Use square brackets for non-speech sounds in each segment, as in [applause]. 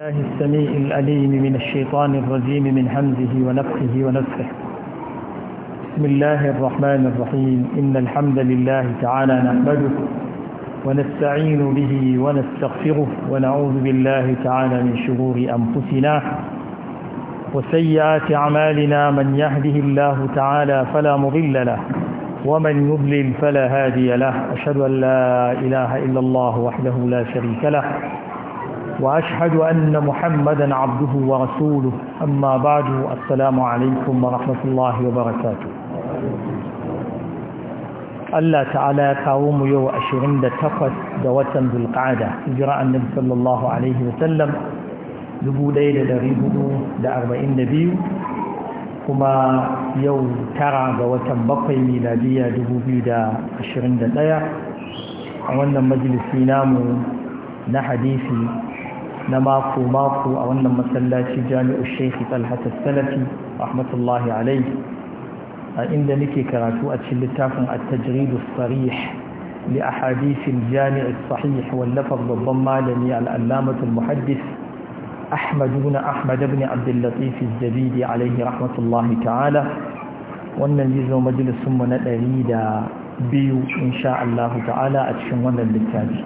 الله السميع الأليم من الشيطان الرجيم من حمده ونفسه ونفسه بسم الله الرحمن الرحيم إن الحمد لله تعالى نحمده ونستعين به ونستغفره ونعوذ بالله تعالى من شرور أنفسنا وسيئات أعمالنا من يهده الله تعالى فلا مضل له ومن يضلل فلا هادي له أشهد أن لا إله إلا الله وحده لا شريك له وأشهد أن محمدا عبده ورسوله أما بعد السلام عليكم ورحمة الله وبركاته Allah ta'ala ya kawo mu yau takwas ga watan Zulqa'ada jira annabi sallallahu alaihi wa sallam biyu kuma yau tara ga watan bakwai da ɗaya a wannan majalisi namu na hadisi na mako-mako a wannan masallaci jami'u shekhi talhatar salafi rahmatullahi alai a inda nake karatu a cikin littafin attajiridu sarih li a hadisin jami'ar sahih wallafar babban malami al'allamatul muhaddis ahmaduna ibn ahmad ibn abdullatif zabidi alaihi rahmatullahi ta'ala wannan zai zo majalisunmu na ɗari da biyu insha allahu ta'ala a cikin wannan littafi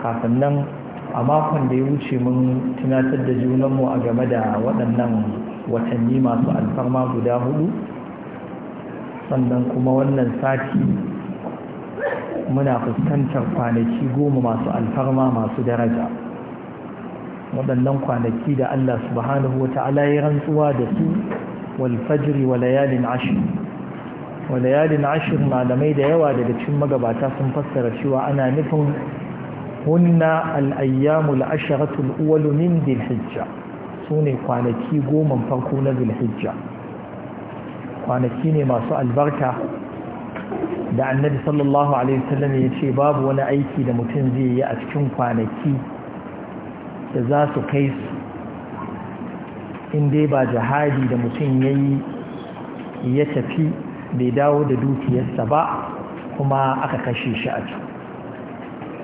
kafin nan a makon da ya wuce mun tunatar da junanmu a game da waɗannan watanni masu alfarma guda hudu sannan kuma wannan sati muna fuskantar kwanaki goma masu alfarma masu daraja waɗannan kwanaki da Allah subhanahu wa ta'ala ya rantsuwa da su Walfajiri wa layalin ashir wa ashir malamai da yawa daga cikin magabata sun fassara cewa ana nufin hunna الأيام العشرة الأول من ذي الحجة سوني قانكي قوما فرقون ذي الحجة قانكيني ما سأل بركة da annabi sallallahu alaihi wasallam ya ce babu wani aiki da mutum zai yi a cikin kwanaki da za su kai su in dai ba jihadi da mutum ya yi ya tafi bai dawo da dukiyarsa ba kuma aka kashe shi a ciki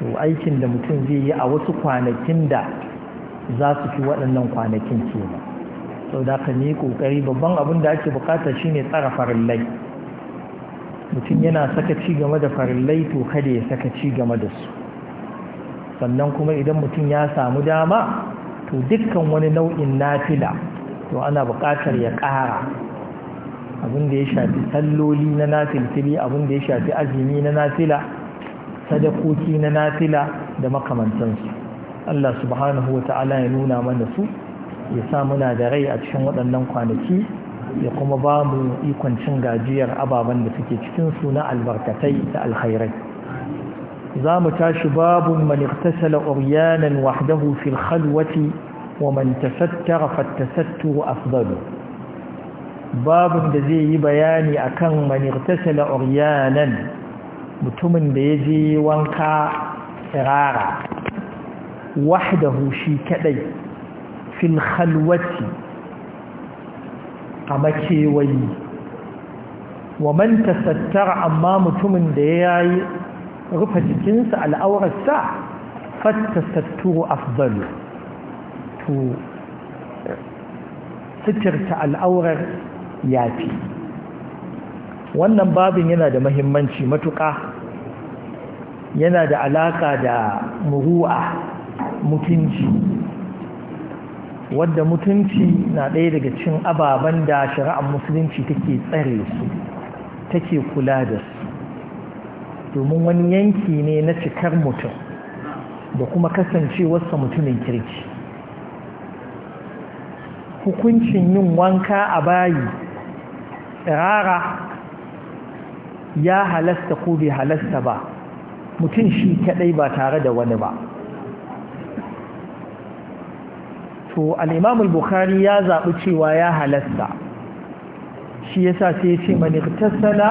to aikin da mutum zai yi a wasu kwanakin da za su fi waɗannan kwanakin ke sau da ka yi ƙoƙari babban abin da ake bukata ne tsara farillai mutum yana saka ci game da farillai to kada ya saka ci game da su sannan kuma idan mutum ya samu dama to dukkan wani nau'in nafila to ana buƙatar ya ƙara abin da ya shafi talloli na nafilfili abin da ya shafi azumi na nafila sadakoki na nafila da makamantansu Allah subhanahu wa ta'ala ya nuna mana su ya sa muna da rai a cikin waɗannan kwanaki ya kuma ba mu ikon cin gajiyar ababen da suke cikin su na albarkatai da alkhairai za mu tashi babun man iktasala uryanan wahdahu fil khalwati wa man tafattara fattasattu afdalu babun da zai yi bayani akan man iktasala uryanan mutumin da ya je wanka tsirara wahdahu shi kadai fil khalwati a makewayi wa man tasattara amma mutumin da ya yi rufe jikinsa al'aurarsa fattasatturu afdalu to sitirta al'aurar yafi wannan babin yana da mahimmanci matuƙa yana da alaka da muru'a mutunci wadda mutunci na ɗaya daga cin ababen da shari'ar musulunci take tsare su take kula da su domin wani yanki ne na cikar mutum da kuma kasancewarsa mutumin kirki hukuncin yin wanka a bayi tsirara ya halasta ko bai halasta ba mutum shi kadai ba tare da wani ba to al'imamul bukhari ya zaɓi cewa ya halasta shi yasa sai ce manirtasala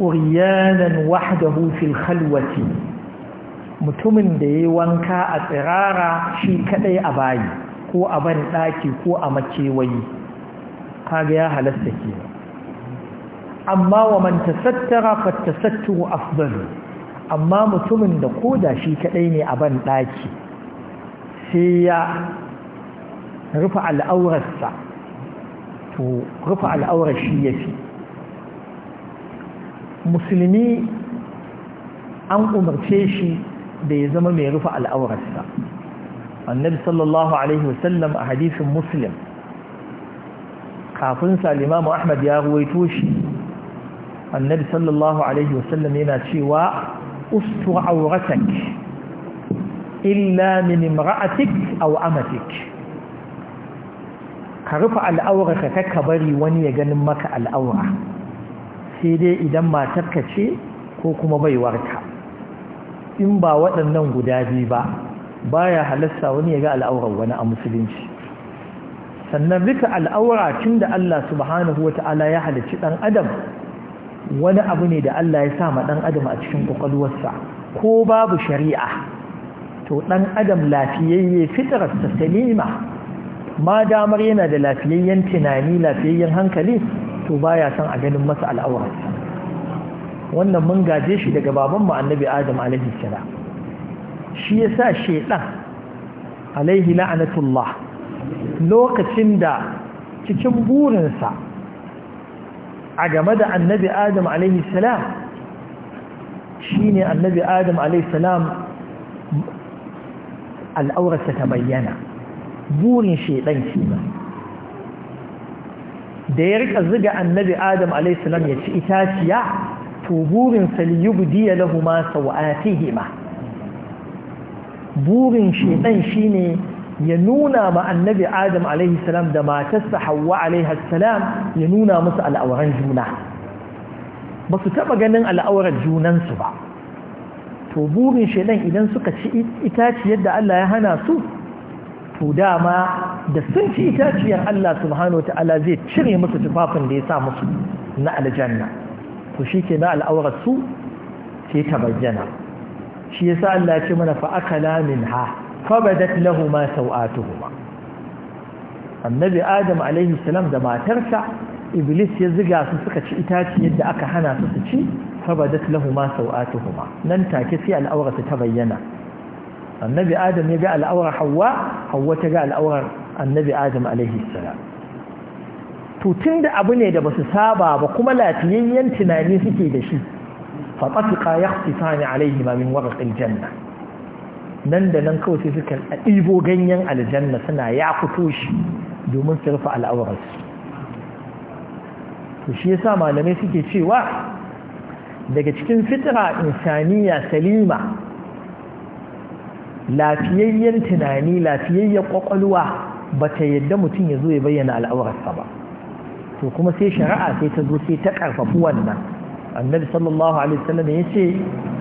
uriyanan wahdahu fil khalwati mutumin da ya wanka a tsirara shi kadai a bayi ko a ban ɗaki ko a makewayi kaga ya halasta ke. amma wa man tasattara fattasattu afdalu amma mutumin da ko da shi kadai ne a ban daki sai ya rufe al'aurarsa to rufe al'aurar shi ya fi musulmi an umarce shi da ya zama mai rufe al'aurarsa annabi sallallahu alaihi wasallam a hadisin muslim kafin salimamu ahmad ya ruwaito shi annabi sallallahu alaihi wasallam yana cewa أستر عورتك ka من امرأتك أو أمتك كرفع الأورة ككبري وني يجنمك الأورة سيدي إذا ما تكتشي bai بيورتها in ba waɗannan guda biyu ba baya halasta wani ya ga al'aurar wani a musulunci sannan rika al'aura tun da Allah subhanahu ta'ala ya halicci ɗan adam wani abu ne da Allah ya sa ma ɗan adam a cikin ƙwaƙwalwarsa ko babu shari'a to ɗan adam lafiyayye fitararsa salima ma damar yana da lafiyayyen tunani lafiyayyen hankali to baya son a ganin masa al'aurarsa wannan mun gaje shi daga babanmu annabi adam alaihi Sala. shi ya yasa shedan alaihi la'anatullah lokacin da cikin burinsa a game da annabi adam alaihi salam shi ne annabi adam alaihi salam al'aurarsa ta bayyana burin shaidan shi ba da ya rika ziga annabi adam alaihi salam ya ci itaciya to burinsa liyubdiya lahu ma sawatihima burin shaidan ne. ya nuna ma annabi adam alaihi salam da matarsa hawa alaihi salam ya nuna musu al'auran juna ba su taɓa ganin al'aurar junansu ba to burin shaidan idan suka ci itaciyar da Allah ya hana su to dama da sun ci itaciyar Allah subhanahu wa ta'ala zai cire musu tufafin da ya sa musu na aljanna to shi ke na al'aurar su sai ta bayyana shi yasa Allah ya ce mana fa'akala min ha fabadat lahuma sau'atuhuma annabi adam alaihi salam da matarsa iblis ya ziga su suka ci itaci yadda aka hana su su ci fabadat lahuma sau'atuhuma nan take sai al'aurata ta bayyana annabi adam ya ga al'aurar Hauwa, Hauwa ta ga al'aurar annabi adam alaihi salam to tun da abu ne da basu saba ba kuma lafiyayyen tunani suke da shi fa tafiqa yaqtifani alaihi ma min warqil janna nan da nan kawai sai suka ɗibo ganyen aljanna suna ya fito shi domin su rufe al'aurarsu to shi yasa malamai suke cewa daga cikin fitra insaniya salima lafiyayyen tunani lafiyayyen kwakwalwa ba ta yadda mutum ya zo ya bayyana al'aurarsa ba to kuma sai shari'a sai ta zo sai ta ƙarfafi wannan annabi sallallahu alaihi wasallam yace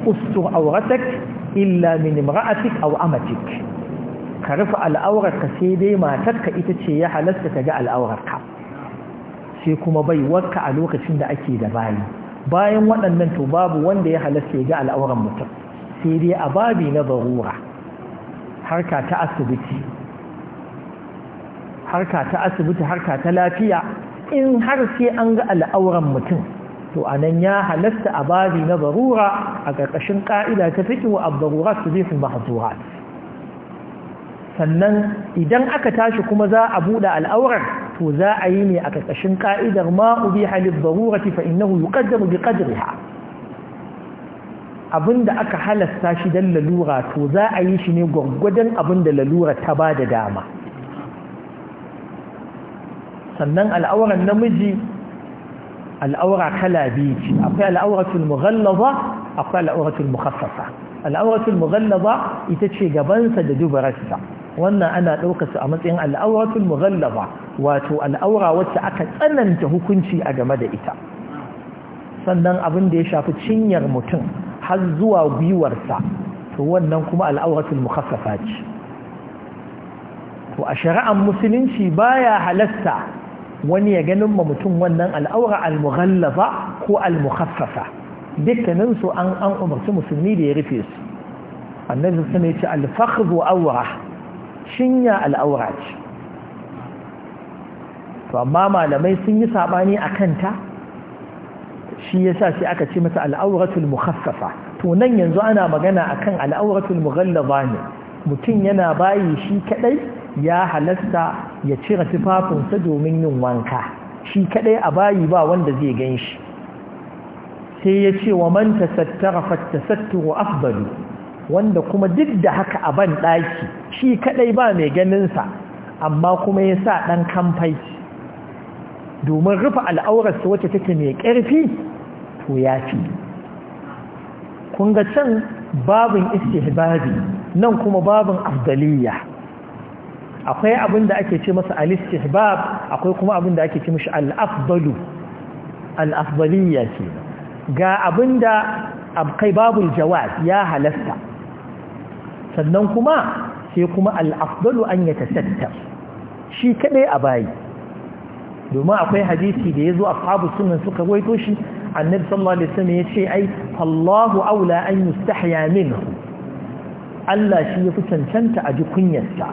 ustur auratak illa min imra'atik aw amatik ka rufe al'aurarka sai dai matarka ita ce ya halasta ta ga ka sai kuma bai warka a lokacin da ake da bayi bayan waɗannan to babu wanda ya halasta ya ga al'auran mutum sai dai a babi na barura harka ta asibiti harka ta asibiti harka ta lafiya in har sai an ga al'auran mutum to a nan ya halatta a babi na barura a ƙarƙashin ƙa'ida ta fiƙi wa abbarurat su zifin mahazurat sannan idan aka tashi kuma za a buɗe al'aurar to za a yi ne a ƙarƙashin ƙa'idar ma'ubi halin barurati fa innahu yuqaddaru bi Abin da aka halasta shi don lalura to za a yi shi ne gwaggwadon da lalura ta ba da dama sannan al'auran namiji al'aura kala biyu ce akwai al'auratun mughallaza akwai al'auratun mukhaffasa al'auratul mughallaza ita ce gabansa da dubararsa wannan ana ɗaukar a matsayin al'auratul mughallaza wato al'aura wacce aka tsananta hukunci a game da ita sannan abin da ya shafi cinyar mutum har zuwa gwiwarsa to wannan kuma al'auratul mukhaffafa ce to a shari'ar musulunci baya halatta wani ya ganin ma mutum wannan al'aura al-mughallafa ko al-mukhaffafa dukkanin su an an umarci musulmi da ya rufe su annabi sun yaci al-fakhdhu awra shinya ce to amma malamai sun yi sabani akan ta shi yasa sai aka ce mata al'auratul mukhaffafa to nan yanzu ana magana akan al'auratul mughallafa ne mutum yana bayi shi kadai ya halasta ya cire tufafinsa domin yin wanka shi kadai a bayi ba wanda zai gan shi sai ya ce wa man tasattara fattasattu afdalu wanda kuma duk da haka a ban ɗaki shi kadai ba mai ganinsa amma kuma ya sa ɗan kamfai domin rufe al'aurarsa wacce take mai ƙarfi to ya fi kun ga can babin istihbabi nan kuma babin afdaliyya akwai abin da ake ce masa al-istihbab akwai kuma abin da ake ce mishi al-afdalu al-afdaliyya ce ga abin da kai babul jawaz ya halasta sannan kuma sai kuma al-afdalu an yatasatta shi kadai a bayi domin akwai hadisi da yazo ashabu sunan suka waito shi annabi sallallahu alaihi wasallam yace ai Allahu aula an yustahya minhu Allah shi yafi cancanta a ji kunyarsa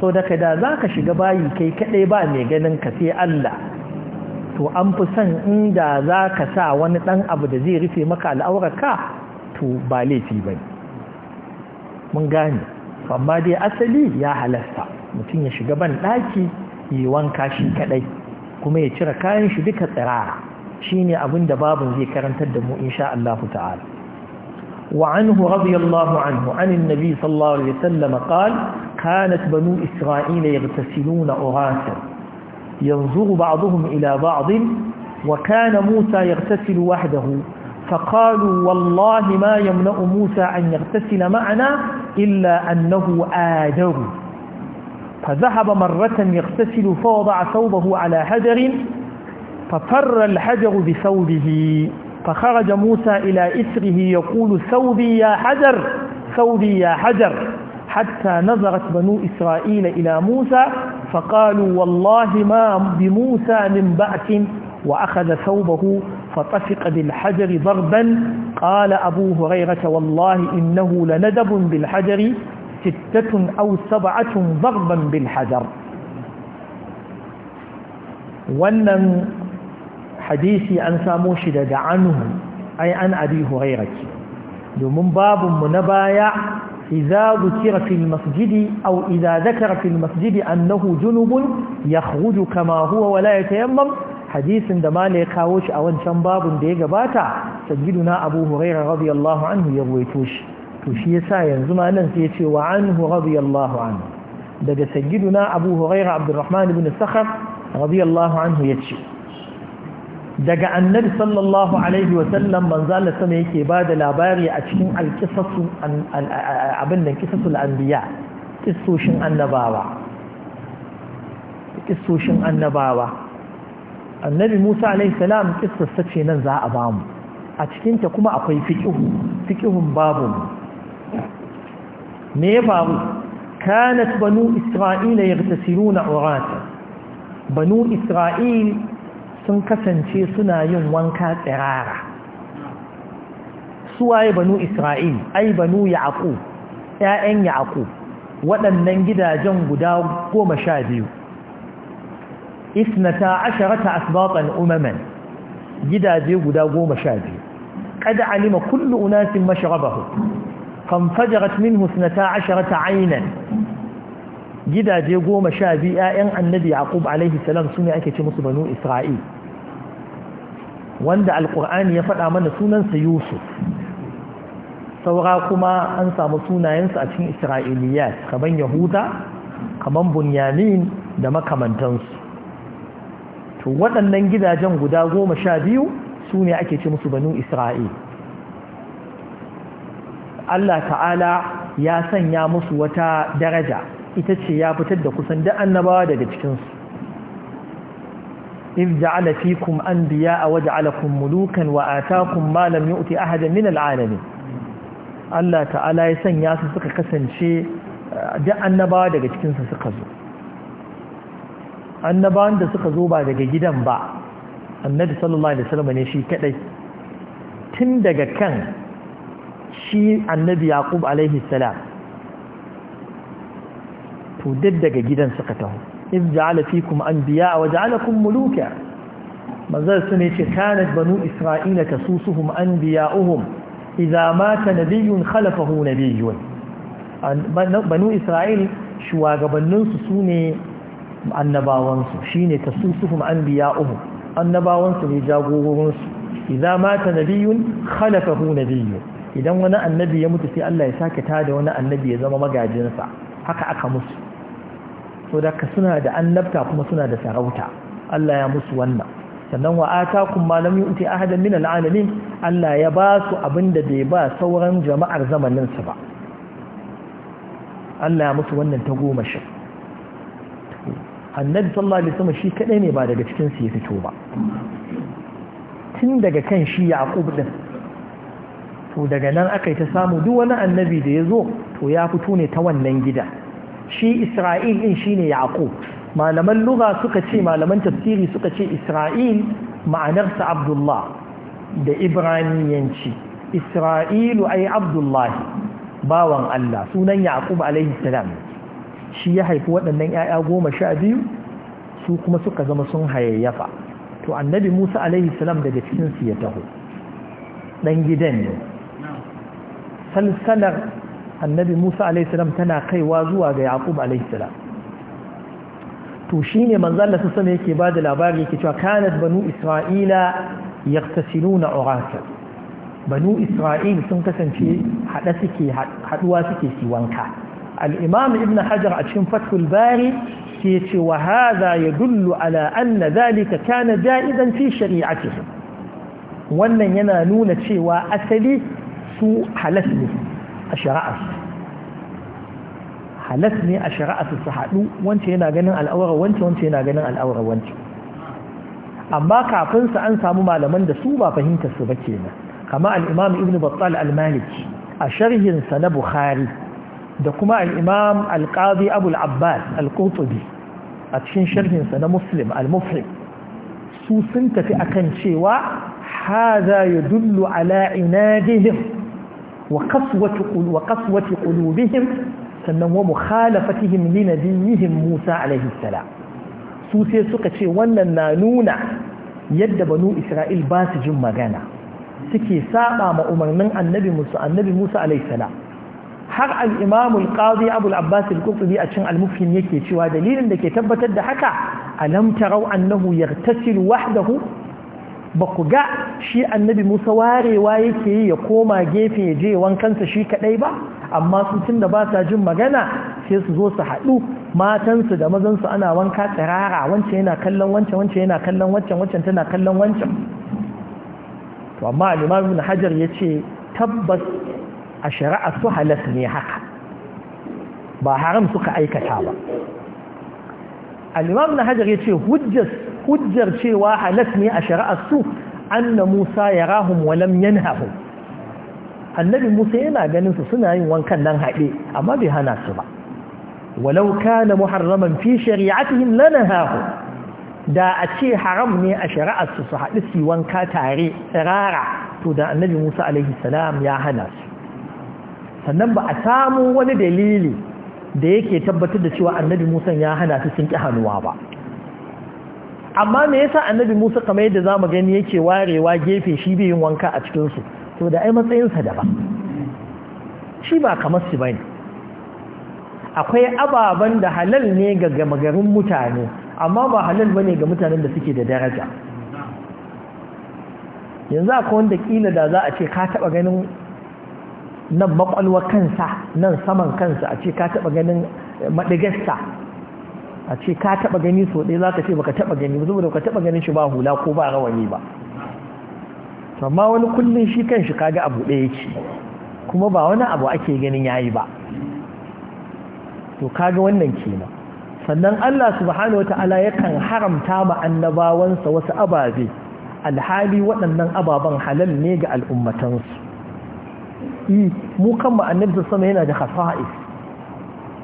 so daga da za ka shiga bayi kai kaɗai ba mai ganin ka sai Allah to an fi son inda za ka sa wani ɗan abu da zai rufe maka al'aurarka to ba laifi ba mun gane amma dai asali ya halasta mutum ya shiga ban ɗaki yi wanka shi kaɗai kuma ya cire kayan shi duka tsirara shine abin da babin zai karantar da mu insha Allah ta'ala وعنه رضي الله عنه عن النبي صلى الله عليه وسلم قال كانت بنو إسرائيل يغتسلون أراسا ينظر بعضهم إلى بعض وكان موسى يغتسل وحده فقالوا والله ما يمنع موسى أن يغتسل معنا إلا أنه آدر فذهب مرة يغتسل فوضع ثوبه على حجر ففر الحجر بثوبه فخرج موسى إلى إسره يقول ثوبي يا حجر ثوبي يا حجر حتى نظرت بنو إسرائيل إلى موسى فقالوا والله ما بموسى من بعث وأخذ ثوبه فطفق بالحجر ضربا قال أبو هريرة والله إنه لندب بالحجر ستة أو سبعة ضربا بالحجر wannan حديثي عن samo عنه أي عن أبي هريرة abi باب منبايع إذا ذكر في المسجد أو إذا ذكر في المسجد أنه جنب يخرج كما هو ولا يتيمم حديث دما ليكاوش أو انشان باب ديجا باتا سجدنا أبو هريرة رضي الله عنه يبويتوش تشي ساين زمانا سيتي وعنه رضي الله عنه دجا سجدنا أبو هريرة عبد الرحمن بن السخر رضي الله عنه يتشي daga annabi sallallahu alaihi wasallam manzo Allah sama yake ba da labari a cikin alqisasu abin da kisasul anbiya kissoshin annabawa kisoshin annabawa annabi Musa alaihi salam ce nan za a bamu a cikinta kuma akwai fiqihu babu me ya faru kanat banu isra'ila na urata banu isra'il sun kasance suna yin wanka tsirara suwaye banu isra'il ai banu aku. ‘ya'yan yaƙo waɗannan gidajen guda goma sha biyu isnata asharata asbaqan umaman gidaje guda goma sha biyu ƙada alima kullu unasin mashrabahu fanfajarat minhu isnata asharata aynan gidaje goma sha biyu ‘ya'yan annabi yaqub alaihi salam su ne ake ce musu banu isra'il wanda alƙur'ani ya faɗa mana sunansa yusuf saura kuma an samu sunayensu a cikin isra'iliya kamar yahuda kaman bunyamin da makamantansu to waɗannan gidajen guda goma sha biyu su ne ake ce musu banu isra'il Allah ta'ala ya sanya musu wata daraja ita ce ya fitar da kusan da annabawa daga cikinsu إذ جعل فيكم أنبياء وجعلكم ملوكا وآتاكم ما لم يؤت أحدا من العالمين Allah ta'ala ya sanya su suka kasance duk annabawa daga cikinsu suka zo annabawan da suka zo ba daga gidan ba annabi sallallahu alaihi wasallam ne shi kadai tun daga kan shi annabi yaqub alaihi salam to duk daga gidan suka taho iz ja'ala fikum anbiya wa ja'alakum muluka manzal sun ce kanat banu isra'ila kasusuhum anbiya'uhum idza mata nabiyyun khalafahu nabiyyun banu isra'il shugabanninsu su ne annabawansu shine tasusuhum anbiya'uhum annabawansu ne jagororinsu idza mata nabiyyun khalafahu nabiyyun idan wani annabi ya mutu sai Allah ya sake tada wani annabi ya zama magajinsa haka aka musu so da suna da annabta kuma suna da sarauta Allah ya musu wannan sannan wa atakum ma lam yu'ti ahadan min al'alamin Allah ya ba su abinda bai ba sauran jama'ar zamanin sa ba Allah ya musu wannan ta goma shi annabi sallallahu alaihi wasallam shi kadai ne ba daga cikin su ya fito ba tun daga kan shi yaqub din to daga nan aka yi ta samu duk wani annabi da ya zo to ya fito ne ta wannan gida shi isra'il din shine yaqub malaman lura suka ce malaman tafsiri suka ce isra'il ma'anarsa abdullah da ibraniyanci isra'ilu ai abdullah bawan allah sunan yaqub alaihi salam shi ya haifi waɗannan 'ya'ya goma sha biyu su kuma suka zama sun hayayyafa to annabi musa alaihi salam daga cikinsu ya taho ɗan gidan ne salsalar annabi musa alaihi salam tana kaiwa zuwa ga yaqub alaihi salam to ne manzo Allah sallallahu alaihi yake da labari yake cewa kanat banu isra'ila yaghtasiluna uraka banu isra'il sun kasance hada suke haduwa suke si wanka al-imam ibn hajar a cikin fathul bari ke yace wa ya dullu ala anna dhalika kana ja'idan fi shari'atihim wannan yana nuna cewa asali su halas ne a shari'arsu halas ne a shari'a su haɗu wance yana ganin al'aurar wance wance yana ganin al'aurar wance amma kafin su an samu malaman da su ba fahimtar su ba kenan kama al-imam ibn battal al a sharhin sa na bukhari da kuma al-imam al-qadi abu al-abbas al-qurtubi a cikin sharhin sa na muslim al-mufhim su sun tafi akan cewa hadha yadullu ala inadihim wa qaswati qulubihim sannan wa mukhalafatihim li nabiyihim Musa alaihi salam su sai suka ce wannan na nuna yadda banu Isra'il ba su jin magana suke saba ma umarnin annabi Musa annabi Musa alaihi salam har al-Imam al-Qadi Abu al-Abbas al-Qurtubi a cikin al-Mufhim yake cewa dalilin da ke tabbatar da haka alam tarau annahu tasiri wahdahu ba ku ga shi annabi musa warewa yake yi ya koma gefe ya je wankansa shi kadai ba amma su tun da ba sa jin magana sai su zo su haɗu matansu da mazansu ana wanka tsirara wancan yana kallon wancan wancan yana kallon wancan wancan tana kallon wancan to amma al'imam ibn hajar ya ce tabbas a shari'a su halas ne haka ba haram suka aikata ba al-imam na hajar yace ce hujjar cewa halas ne a shari'ar su anna musa ya wa lam yanhahum annabi musa yana ganin su suna yin wankan nan haɗe amma bai hana su ba walau kana muharraman fi shari'atihim lanahahu da a ce haram ne a shari'ar su su haɗu su wanka tare tsirara to da annabi musa alaihi salam ya hana su sannan ba a samu wani dalili da yake tabbatar da cewa annabi Musa ya hana su sun ƙi hannuwa ba amma me yasa annabi Musa kamar yadda mu gani yake warewa gefe shi bai yin wanka a cikin su to da ai matsayin sa daban shi ba kamar su bane akwai ababan da halal ne ga gamagarin mutane amma ba halal bane ga mutanen da suke da daraja yanzu akwai wanda kila da za a ce ka taba ganin nan makwalwa kansa nan saman kansa a ce ka taɓa ganin madigarsa a ce ka taba gani so ɗaya za ka ce baka taɓa gani saboda baka taɓa ganin shi ba hula ko ba rawani ba amma wani kullum shi kan shi kaga abu ɗaya ce kuma ba wani abu ake ganin yayi ba to kaga wannan kenan sannan Allah subhanahu wata'ala yakan haramta ma annabawansa wasu ababe alhali waɗannan ababen halal ne ga al'ummatansu yi mu kan annabi sama yana da khasa'is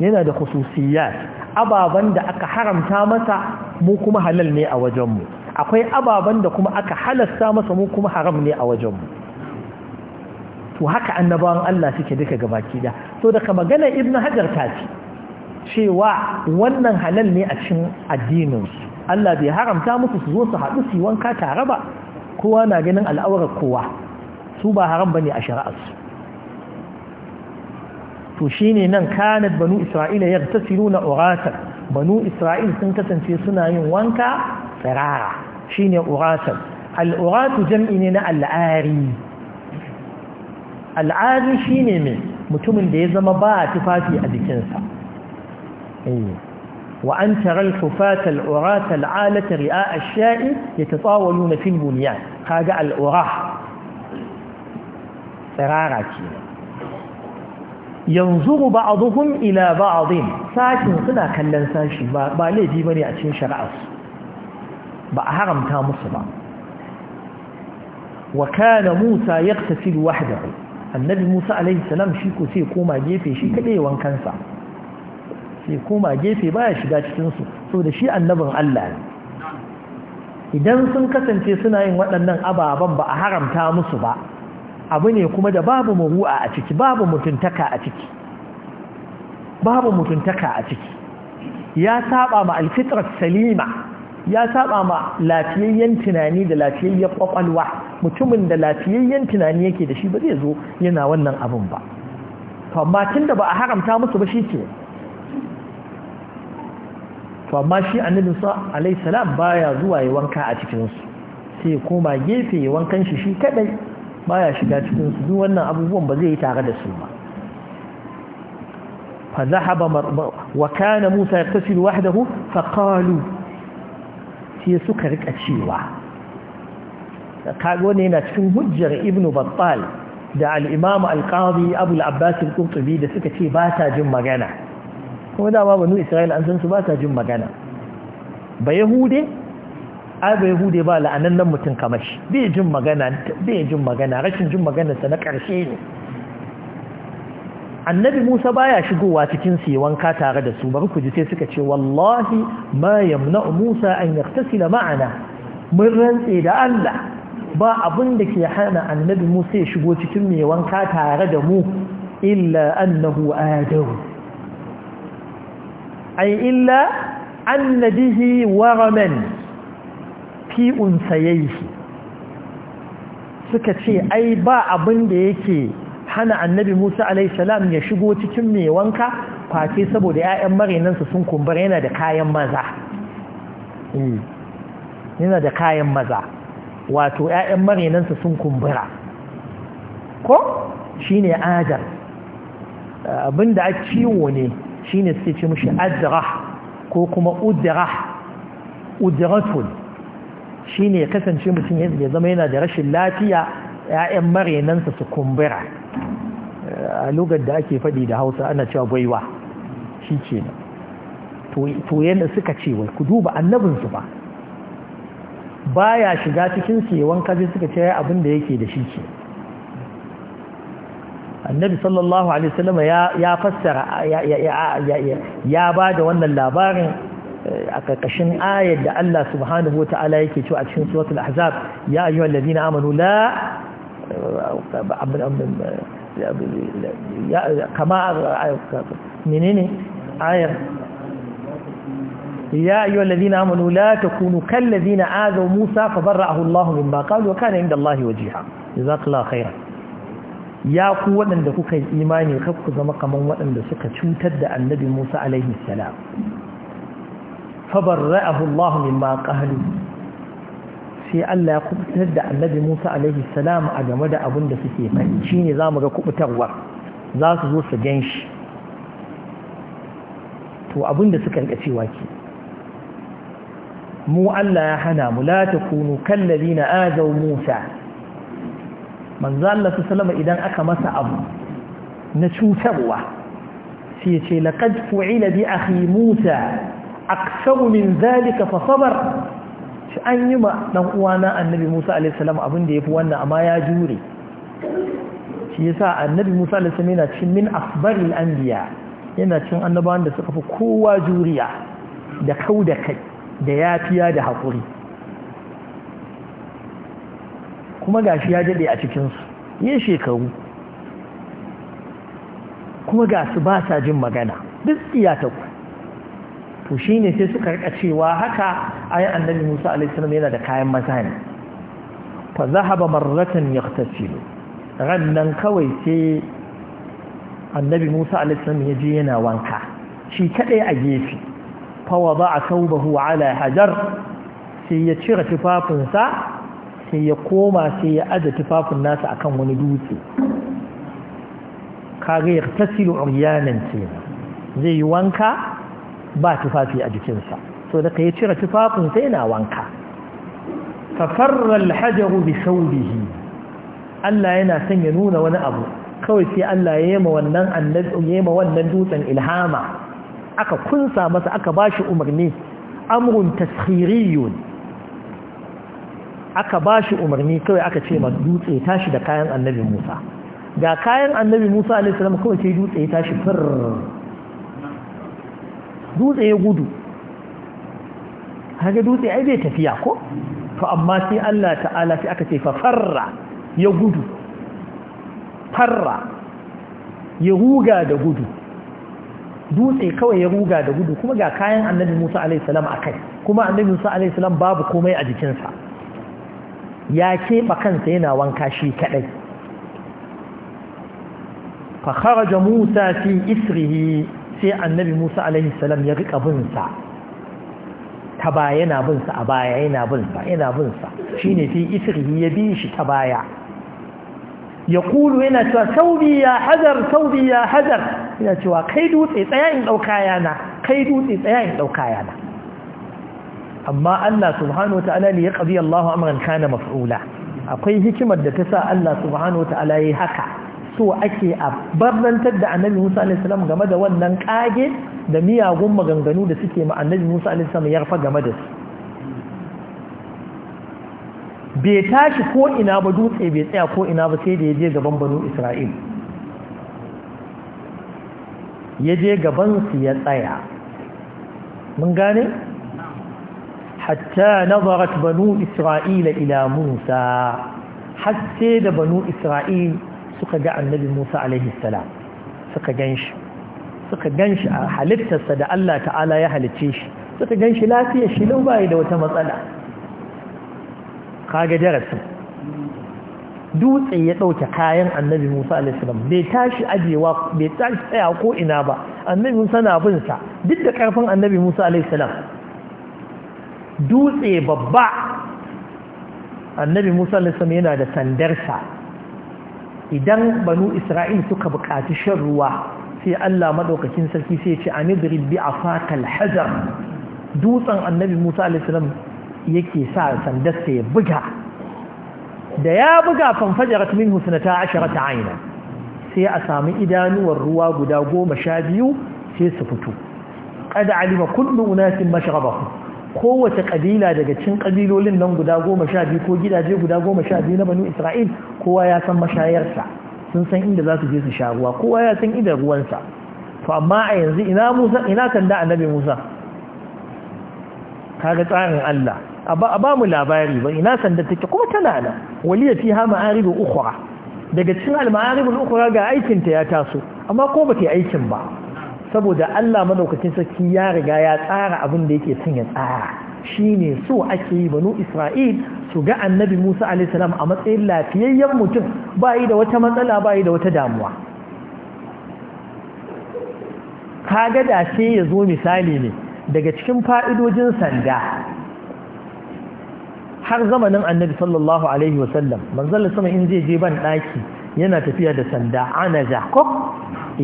yana da khususiyat ababan da aka haramta masa mu kuma halal ne a wajenmu akwai ababan da kuma aka halasta masa mu kuma haram ne a wajenmu to haka annabawan Allah suke duka gabaki da to daga magana Ibn hajar ta ce cewa wannan halal ne a cikin addininsu Allah bai haramta musu su zo su haɗu su yi wanka tare ba kowa na ganin al'aurar kowa su ba haram bane a shari'arsu to shine nan kanat banu isra'ila yaghtasiluna uratan banu isra'il sun kasance suna yin wanka tsirara shine uratan al'uratu jam'i ne na al'ari al'ari shine mai mutumin da ya zama ba tufafi a jikinsa وأن ترى الحفاة العراة العالة رئاء الشاء fil في kaga هذا العراة سرارة كينا yanzu ba'dhum ila ba'dhin sashin suna kallon sashi ba ba ne a cin shari'a ba a haramta musu ba wa kana Musa yaqtasil wahdahu annabi Musa alaihi shi ko sai koma gefe shi kade wankan sa sai koma gefe baya shiga cikin su da shi annabin Allah ne idan sun kasance suna yin waɗannan ababen ba a haramta musu ba abu ne kuma da babu maru'a a ciki babu mutuntaka a ciki babu mutuntaka a ciki ya saba ma alfitrar salima ya saba ma lafiyayyen tunani da lafiyayyen kwakwalwa mutumin da lafiyayyen tunani yake da shi ba zai zo yana wannan abin ba to amma tun ba a haramta musu ba shi ke to amma shi annabi sa alaihi salam baya zuwa yi wanka a cikinsu sai koma gefe ya wankan shi shi kadai baya shiga cikin su duk wannan abubuwan ba zai yi tare da su ba fa zahaba wa kana Musa yaktasilu wahdahu fa qalu su suka rika cewa kago ne na cikin hujjar ibnu Battal da al-Imam al-Qadi Abu al-Abbas al-Qurtubi da suka ce ba ta jin magana kuma ba banu Isra'ila an san su ba ta jin magana ba Yahude ai ba yahude ba la'anan nan mutum kamar shi bai jin magana bai jin magana rashin jin magana sa na karshe ne annabi Musa baya shigowa cikin su yi wanka tare da su bari ku ji sai suka ce wallahi ma yamna Musa an yaktasila ma'ana mun rantse da Allah ba abin da ke hana annabi Musa ya shigo cikin mai wanka tare da mu illa annahu adahu ay illa annabihi waraman fi unsayaihi suka ce ai ba abin da yake hana annabi Musa alaihissalam ya shigo cikin mai wanka face saboda 'ya'yan marinansa sun kumbura yana da kayan maza eh, yana da kayan maza wato 'ya'yan marinansa sun kumbura ko shine adar abinda a ciwo ne shine suke ce mushi adra ko kuma udra udratun ne ya kasance mutum ya zama yana da rashin lafiya ‘ya'yan marinansa su kumbura eh, a lugar da ake faɗi da hausa ana cewa baiwa shi ce to suka ce wai ku duba annabinsu ba baya shiga cikin siyewan kaji suka ce abin da yake da shi ce annabi sallallahu alaihi wasallama ya fassara ya ba da wannan labarin a ƙarƙashin ayar da Allah subhanahu wa ta'ala yake cewa a cikin suratul ahzab ya ayyuhal ladina amanu la ayar ya ayyuhal ladina amanu la takunu kal ladina azaw musa fa barra'ahu Allah mimma qalu wa inda Allah wajiha jazakallahu ya ku waɗanda kuka yi imani kakku zama kaman waɗanda suka cutar da annabi musa alaihi salam فبرأه الله مما قهلوا sai Allah ya kubutar da annabi Musa alaihi salam a game da abin da suke faɗi shine zamu ga kubutarwar za su zo su gan shi to abin da suka rika ke mu Allah ya hana mu la takunu na azaw Musa manzo Allah salama idan aka masa abu na cutarwa sai ya ce laqad fu'ila bi akhi Musa aksaru min zalika fa sabar shi an yi ma dan uwana annabi Musa alaihi salam abin da yafi wannan amma ya jure shi yasa annabi Musa alaihi salam yana cikin min asbaril anbiya yana cikin annabawan da suka fi kowa juriya da kau da kai da yafiya da hakuri kuma gashi ya jade a cikin su yin shekaru kuma ga su ba sa jin magana duk iyataku to ne sai suka rika cewa haka ayi annabi Musa alaihi salam yana da kayan maza fa zahaba marratan yaqtasilu rannan kawai sai annabi Musa alaihi salam ya je yana wanka shi kadai a gefe fa wada thawbahu ala hajar sai ya cire tufafinsa sai ya koma sai ya aje tufafin nasa akan wani dutse kage yaqtasilu uryanan sai zai yi wanka ba tufafi a jikinsa so da ka yi cire tufafinsa yana wanka fafarral hajaru bi saudihi Allah yana son ya nuna wani abu kawai sai Allah ya yema wannan wannan dutsen ilhama aka kunsa masa aka bashi umarni amrun taskhiriyun aka bashi umarni kawai aka ce ma dutse tashi da kayan annabi Musa ga kayan annabi Musa alaihi salamu kawai dutse tashi fir dutse ya gudu haka dutse ai bai tafiya ko to amma sai Allah ta'ala sai aka ce fa farra ya gudu farra ya ruga da gudu dutse kawai ya ruga da gudu kuma ga kayan annabi Musa alaihi salam akai kuma annabi Musa alaihi salam babu komai a jikinsa ya keɓa kansa yana wanka shi kaɗai fa kharaja Musa fi isrihi sai annabi musa alaihi salam ya rika bin ta baya yana bin a baya yana bin yana bin sa shine fi isrihi ya bi shi ta baya ya kulu yana cewa saudi ya hazar saudi ya hazar yana cewa kai dutse tsaya in ɗauka yana kai dutse tsaya in ɗauka yana amma Allah subhanahu ta'ala ne ya qadi Allahu amran kana maf'ula akwai hikimar da ta sa Allah subhanahu ta'ala ya yi haka so ake a barnantar da annabi Musa alaihissalam game da wannan kage da miyagun maganganu da suke ma annabi Musa alaihissalam ya rufa game da su bai tashi ko ina ba dutse bai tsaya ko ina ba sai da ya je gaban banu Isra'il ya je gaban su ya tsaya mun gane hatta nazarat banu Isra'ila ila Musa har sai da banu Isra'il suka ga annabi Musa alaihi salam suka ganshi suka ganshi a halittarsa da Allah ta'ala ya halicce shi suka ganshi lafiya shi lau bai da wata matsala ga darasin dutse ya dauke kayan annabi Musa alaihi salam bai tashi ajewa bai tashi tsaya ko ina ba annabi Musa na bin sa duk da karfin annabi Musa alaihi salam dutse babba annabi Musa alaihi salam yana da sandarsa idan banu isra'il suka buƙaci shan ruwa sai Allah madaukakin sarki sai ya ce anidrib bi afakal hajar dutsen annabi Musa alaihi salam yake sa sandarsa ya buga da ya buga fanfajarat husnata ashara ta aina sai a sami idanuwar ruwa guda goma sha biyu sai su fito kada alima kullu unasin mashrabahum kowace kabila daga cin kabilolin nan guda goma sha biyu ko gidaje guda goma sha biyu na banu isra'il kowa ya san mashayarsa sun san inda za su je su sha ruwa kowa ya san inda ruwansa to amma a yanzu ina musa ina kan da annabi musa kaga tsarin allah a ba mu labari ba ina sanda take kuma tana nan waliya fi ha ma'aribu ukhra daga cin al-ma'aribul ukhra ga aikin ta ya taso amma ko ba ta aikin ba saboda Allah madaukakin sarki ya riga ya tsara abin da yake son ya tsara ne so ake yi banu Isra'il su ga annabi Musa alayhi salam a matsayin lafiyayyen mutum Ba yi da wata matsala yi da wata damuwa kaga da sai ya zo misali ne daga cikin fa'idojin sanda har zamanin annabi sallallahu alaihi wasallam manzon sama in zai je ban daki yana tafiya da sanda ana jakob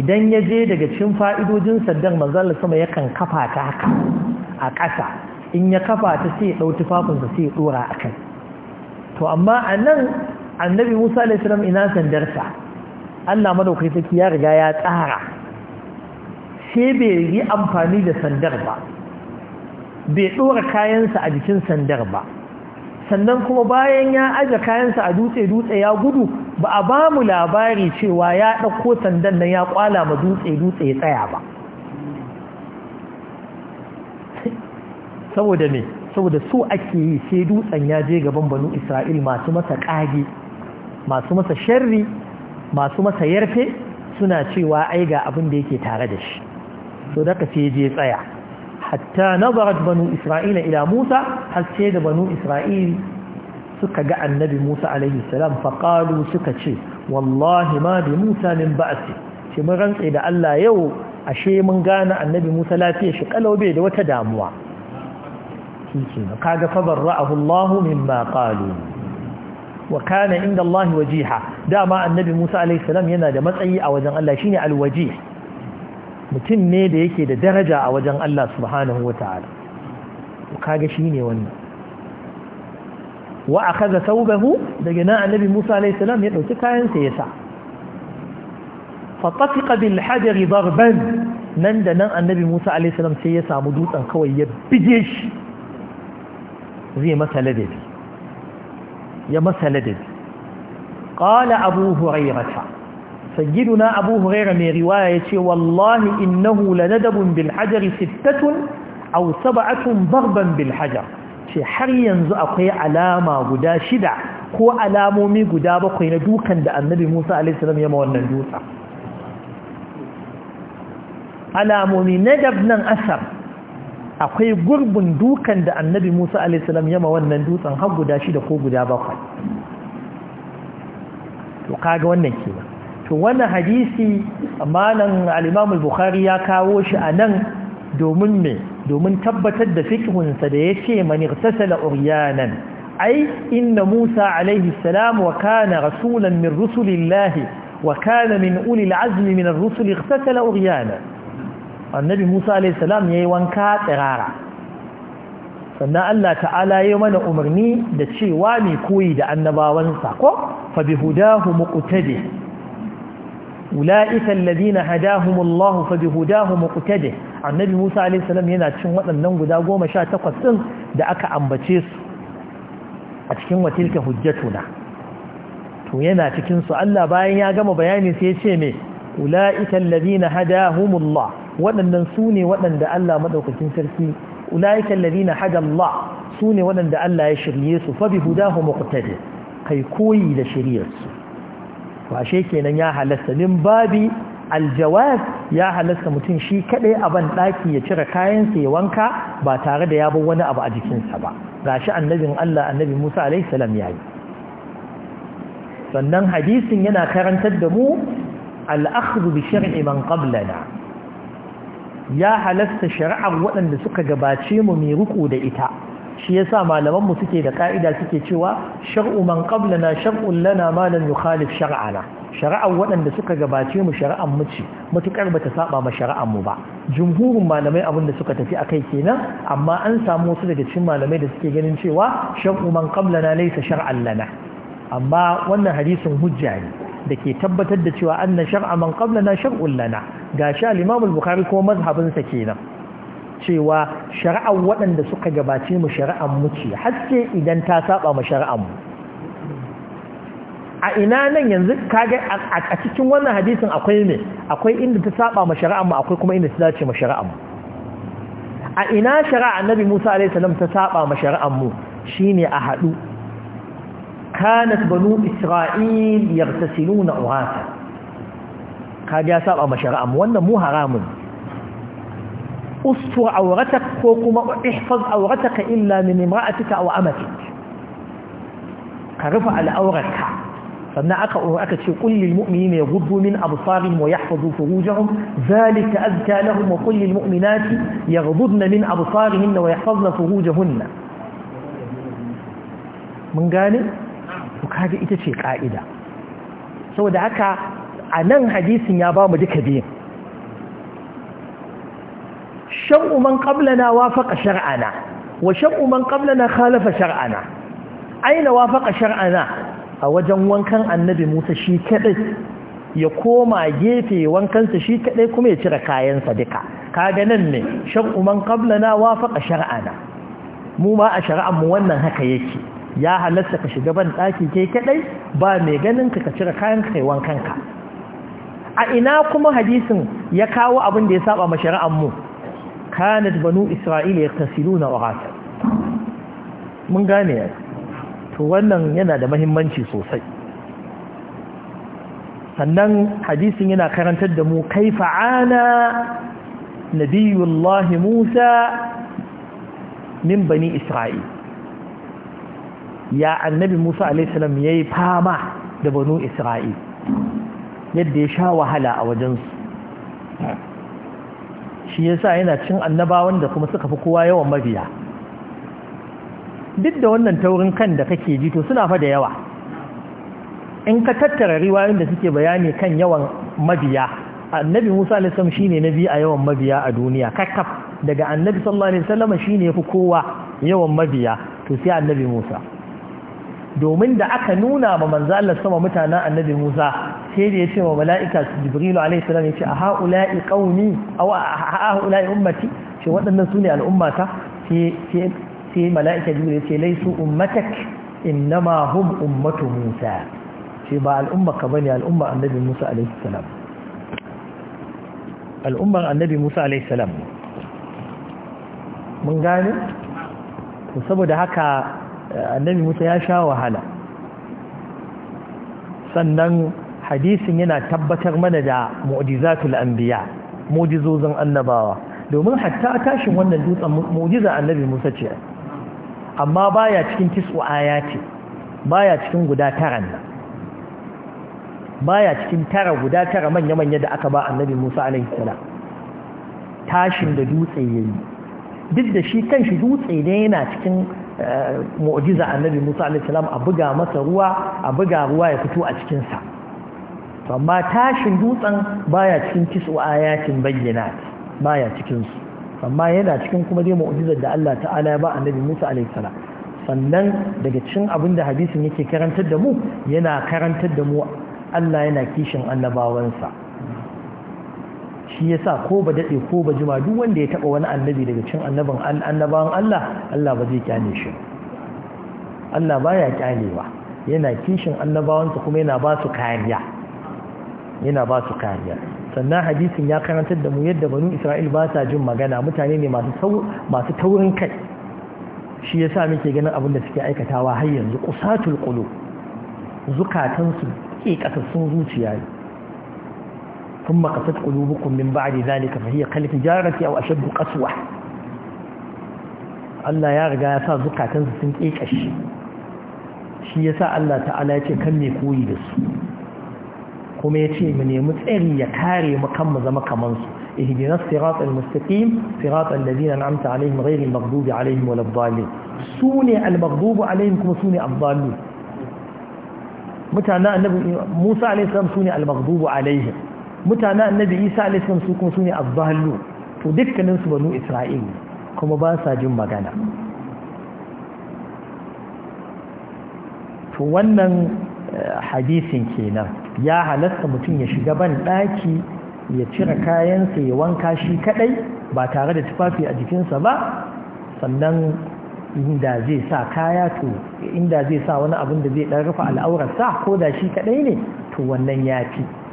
idan ya je daga cikin fa'idojin sandan manzala sama yakan kafa ta haka a ƙasa in ya kafa ta sai ya ɗau tufafinsa sai ya ɗora a to amma a nan annabi musa alaihissalam ina sandarsa allah madaukai saki ya riga ya tsara sai bai yi amfani da sandar ba bai ɗora kayansa a jikin sandar ba sannan kuma bayan ya aje kayansa a dutse-dutse ya gudu ba a ba mu labari cewa ya ɗauko sandan nan ya kwala ma dutse-dutse ya tsaya ba [laughs] saboda ne saboda so ake yi sai dutsen ya je gaban banu isra'il masu masa ƙage masu masa sharri masu masa yarfe suna cewa ai ga abin da yake tare da shi so daga sai je tsaya hatta nazarat banu isra'ila ila musa har sai da banu isra'il suka ga annabi musa alaihi salam faqalu suka ce wallahi ma bi musa min ba'si shi mun rantsa da Allah yau ashe mun gane annabi musa lafiya shi kalau bai da wata damuwa na kaga fa barra'ahu Allah mimma qalu wa kana inda Allah wajiha dama annabi musa alaihi salam yana da matsayi a wajen Allah shine alwajih mutum ne da yake da daraja a wajen Allah subhanahu wa ta'ala kaga shi ne wannan wa akhadha thawbahu daga nan annabi Musa alayhi salam ya dauki kayansa ya sa fatafiqa bil hajar darban nan da nan annabi Musa alayhi salam sai ya samu dutsen kawai ya bije shi zai masa ladabi ya masa ladabi ƙala abu hurairah sayyiduna abu huraira mai riwaya ya ce wallahi innahu lanadabun bil hajari sittatun aw sab'atun barban bil hajar ce har yanzu akwai alama guda shida ko alamomi guda bakwai na dukan da annabi Musa alaihi salam wannan dutsa alamomi nadab nan akwai gurbin dukan da annabi Musa alaihi salam wannan dutsen har guda shida ko guda bakwai to kaga wannan kenan to wannan hadisi malam al bukhari ya kawo shi a nan domin domin tabbatar da fiqhunsa da ce man irtasala uryanan ai inna Musa alaihi salam wa kana rasulan min rusulillahi wa kana min ulil azmi min rusul irtasala uryanan annabi Musa alaihi salam yi wanka tsirara sannan Allah ta'ala ya mana umarni da cewa mai koyi da annabawansa ko fa bihudahu muqtadi ula'ika alladhina hadahum Allah fa annabi Musa alaihi salam yana cin waɗannan guda 18 din da aka ambace su a cikin watilka hujjatuna to yana cikin su Allah bayan ya gama bayani sai ya ce me ula'ika alladhina Hadahumullah waɗannan su waɗanda Allah madaukakin sarki ula'ika alladhina Hadallah sune waɗanda Allah ya shirye su fa bihudahu kai koyi da shiriyarsu to kenan ya halasta min babi aljawaz ya halasta mutum shi kadai a ban daki ya cire kayansa ya wanka ba tare da ya bar wani abu a jikin sa ba gashi annabin Allah annabi Musa alaihi salam yayi sannan hadisin yana karantar da mu al-akhdhu bi shar'i man qablana ya halasta shari'ar waɗanda suka gabace mu mai riko da ita shi yasa malaman mu suke da ka'ida suke cewa shar'u man qablana shar'un lana ma lan yukhalif shar'ana shari'ar waɗanda suka gabace mu shari'ar mu ce mutukar bata saba ma shari'ar mu ba jumhurin malamai abin da suka tafi akai kenan amma an samu wasu daga cikin malamai da suke ganin cewa shar'u man qablana laysa shar'an lana amma wannan hadisin hujja ne da ke tabbatar da cewa anna shar'a man qablana shar'un lana sha al-imam al-bukhari ko mazhabinsa kenan cewa shari'ar waɗanda suka gabace mu shari'ar muke haske idan ta saba mu shari'ar mu a ina nan yanzu kaga a cikin wannan hadisin akwai ne akwai inda ta saba ma shari'ar mu akwai kuma inda ta dace ma shari'ar mu a ina shari'a annabi Musa alaihi salam ta saba ma shari'ar mu shine a hadu kanat banu isra'il yartasiluna uhata kaga ya saba ma shari'ar mu wannan mu haramun ustur auratak ko kuma ihfaz auratak illa min imra'atika aw amatik ka rufe al'aurarka sannan aka aka ce qul lil mu'minina yaghuddu min absarihim wa yahfazu furujahum zalika azka lahum wa qul lil mu'minati yaghuddna min absarihinna wa mun gane ita ce saboda haka a nan hadisin ya bamu mu duka shar'u man qablana wafaqa shar'ana wa shar'u man qablana khalafa shar'ana aina wafaka shar'ana a wajen wankan annabi Musa shi kadai ya koma gefe wankansa shi kadai kuma ya cire kayansa duka ga nan ne umar man na wafaqa shar'ana mu ma a shari'ar mu wannan haka yake ya halatta ka shiga ban daki kai kadai ba mai ganin ka cire kayan kai wankanka a ina kuma hadisin ya kawo abin da ya saba ma shari'ar mu kanat banu isra'ila yaktasiluna urata mun gane to wannan yana da mahimmanci sosai sannan hadisin yana karantar da mu kai fa'ana nabiyullahi musa min bani isra'il ya annabi musa alaihissalam ya fama da banu isra'il yadda ya sha wahala a wajensu shi yasa yana cin annabawan da kuma suka fi kowa yawan mabiya duk da wannan taurin kan da kake ji to suna fa da yawa in ka tattara riwayoyin da suke bayani kan yawan mabiya annabi Musa alaihi salam shine nabi a yawan mabiya a duniya kakkaf daga annabi sallallahu alaihi wasallam shine fi kowa yawan mabiya to sai annabi Musa domin da aka nuna ma manzo Allah sama mutanen annabi Musa sai da ya ce wa mala'ika jibrilu alaihi salam ya ce a ha'ula'i qaumi aw a ha'ula'i ummati ce waɗannan sune al'ummata sai mala'ika jibril ya ce laisu ummatak innama hum ummatu musa ce ba al'umma ka bane al'umma annabi musa alaihi salam al'umman annabi musa alaihi salam mun gane saboda haka eh, annabi musa ya sha wahala sannan hadisin yana tabbatar mana da mu'jizatul anbiya mu'jizozin annabawa domin hatta tashin wannan dutsen mu'jiza annabi Musa ce amma baya cikin tisu ayati baya cikin guda tara nan baya cikin tara guda tara manya-manya da aka ba annabi Musa alaihi salam tashin da dutse yayi duk da shi kanshi dutse ne yana cikin eh, mu'jiza annabi Musa alaihi salam a buga masa ruwa a buga ruwa ya fito a cikin sa amma tashin dutsen baya cikin kisu yakin bayyana baya cikin su amma yana cikin kuma dai mu'jizar da Allah ta'ala ya ba annabi Musa alaihi sannan daga cikin abin da hadisin yake karantar da mu yana karantar da mu Allah yana kishin annabawansa shi yasa ko ba dade ko ba jima duk wanda ya taba wani annabi daga cikin annabin annabawan Allah Allah ba zai kyale shi Allah baya kyalewa yana kishin annabawansa kuma yana ba su kariya yana ba su kariya sannan hadisin ya karantar da mu yadda banu isra'il ba sa jin magana mutane ne masu taurin kai shi ya sa muke ganin abin da suke aikatawa har yanzu kusatul kulu zukatansu ke kasassun zuciya ne sun makasar kulubukun min ba'adi zalika fa hiya kalifin jarati aw ashaddu qaswa Allah ya riga ya sa zukatansu sun kekashi shi ya sa Allah ta'ala ya ce kan me koyi da su kuma ya ce mu nemi tsari ya kare mu kan mu zama kamar su ihdina siratal mustaqim siratal ladina an'amta alaihim ghayril maghdubi alaihim waladdallin sune al maghdubu alaihim kuma sune ad-dallin mutana annabi Musa alaihi salam sune al maghdubu alaihim mutana annabi Isa alaihi salam su kuma sune ad-dallin to dukkanin su banu Isra'il kuma ba sa jin magana to wannan eh, hadisin kenan ya halasta mutum ya shiga ban ɗaki ya cire kayansa ya wanka shi kadai ba tare da tufafi a jikinsa ba sannan inda zai sa kaya to inda zai sa wani abin da zai dan rufe al'aurarsa ko da shi kadai ne to wannan ya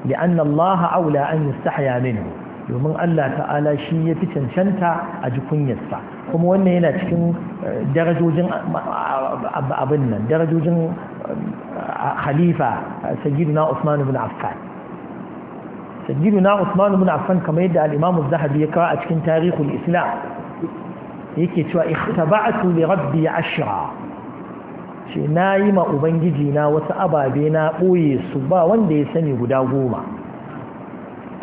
fi anna Allah aula an yastahya minhu domin Allah ta'ala shi ya fi cancanta a jikunyarsa kuma wannan yana cikin eh, darajojin abin nan darajojin eh, khalifa sayyiduna Usman ibn Affan sayyiduna Usman ibn Affan kamar yadda al-Imam az-Zahabi ya kawo a cikin tarihul Islam yake cewa ikhtaba'tu li rabbi ashra ce na yi ma ubangiji na wasu ababe na ɓoye su ba wanda ya sani guda goma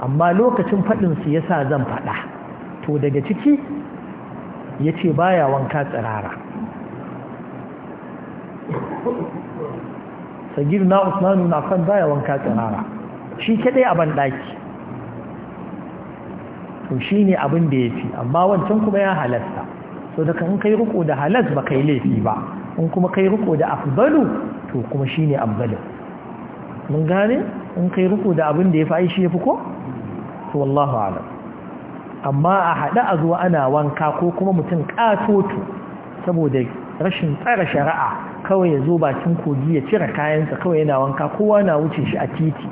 amma lokacin faɗinsu ya sa zan faɗa to daga ciki ya ce baya wanka tsirara sagir na usmanu na kan baya wanka tsanara shi kadai a ban daki to shi ne abin da ya fi amma wancan kuma ya halasta so daga in kai riko da halas ba kai laifi ba in kuma kai riko da afdalu to kuma shi ne afdalu mun gane in kai riko da abin da ya fi shi ya fi ko to wallahu alam amma a haɗa a zuwa ana wanka ko kuma mutum ƙatoto saboda rashin tsara shari'a kawai ya zo bakin kogi ya cire kayansa kawai yana wanka kowa na wuce shi a titi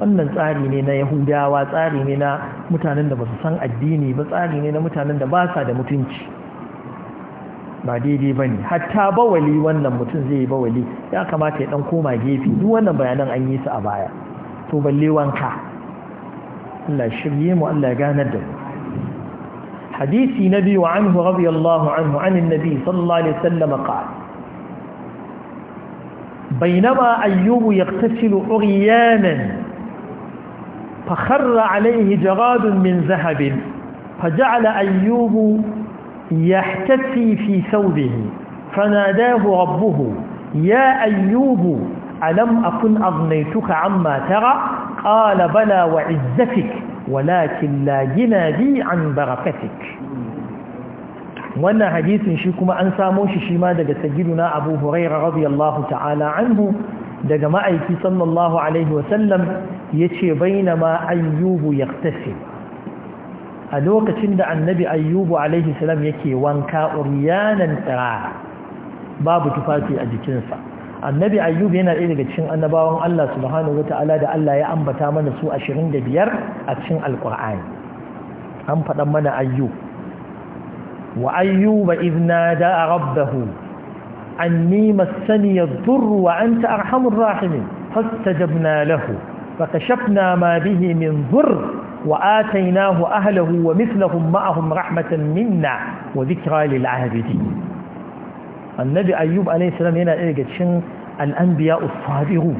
wannan tsari ne na yahudawa tsari ne na mutanen da ba su san addini ba tsari ne na mutanen da ba sa da mutunci ba daidai ba ne hatta bawali wannan mutum zai yi bawali ya kamata ya dan koma gefe duk wannan bayanan an yi su a baya to balle wanka Allah shirye mu Allah ya ganar da mu hadisi na biyu anhu radiyallahu anhu anin nabi sallallahu alaihi wasallam qala بينما أيوب يغتسل عريانا فخر عليه جراد من ذهب فجعل أيوب يحتسي في ثوبه فناداه ربه يا أيوب ألم أكن أغنيتك عما ترى قال بلى وعزتك ولكن لا جنى بي عن بركتك wannan hadisin shi kuma an samo shi shi ma daga sagiduna abu huraira radiyallahu ta'ala anhu daga ma'aiki sallallahu alaihi wasallam ya ce baina ma ayyubu ya a lokacin da annabi ayyubu alaihi salam yake wanka uriyanan tsara babu tufafi a jikinsa annabi ayyubu yana ɗaya daga cikin annabawan allah subhanahu wa ta'ala da allah ya ambata mana su 25 a cikin alkur'ani an faɗan mana ayyubu wa’ayyuba izina da a nima saniyar duru wa an ta arhamun rahimin fasta jabna lahu ba ka shafna ma bihi min zur wa atai nahu ahalahu wa mislahun ma'ahun rahmatan minna wa zikira lil'ahabidi annabi ayyub a.s. yana daga cin al’ambiya usfadiru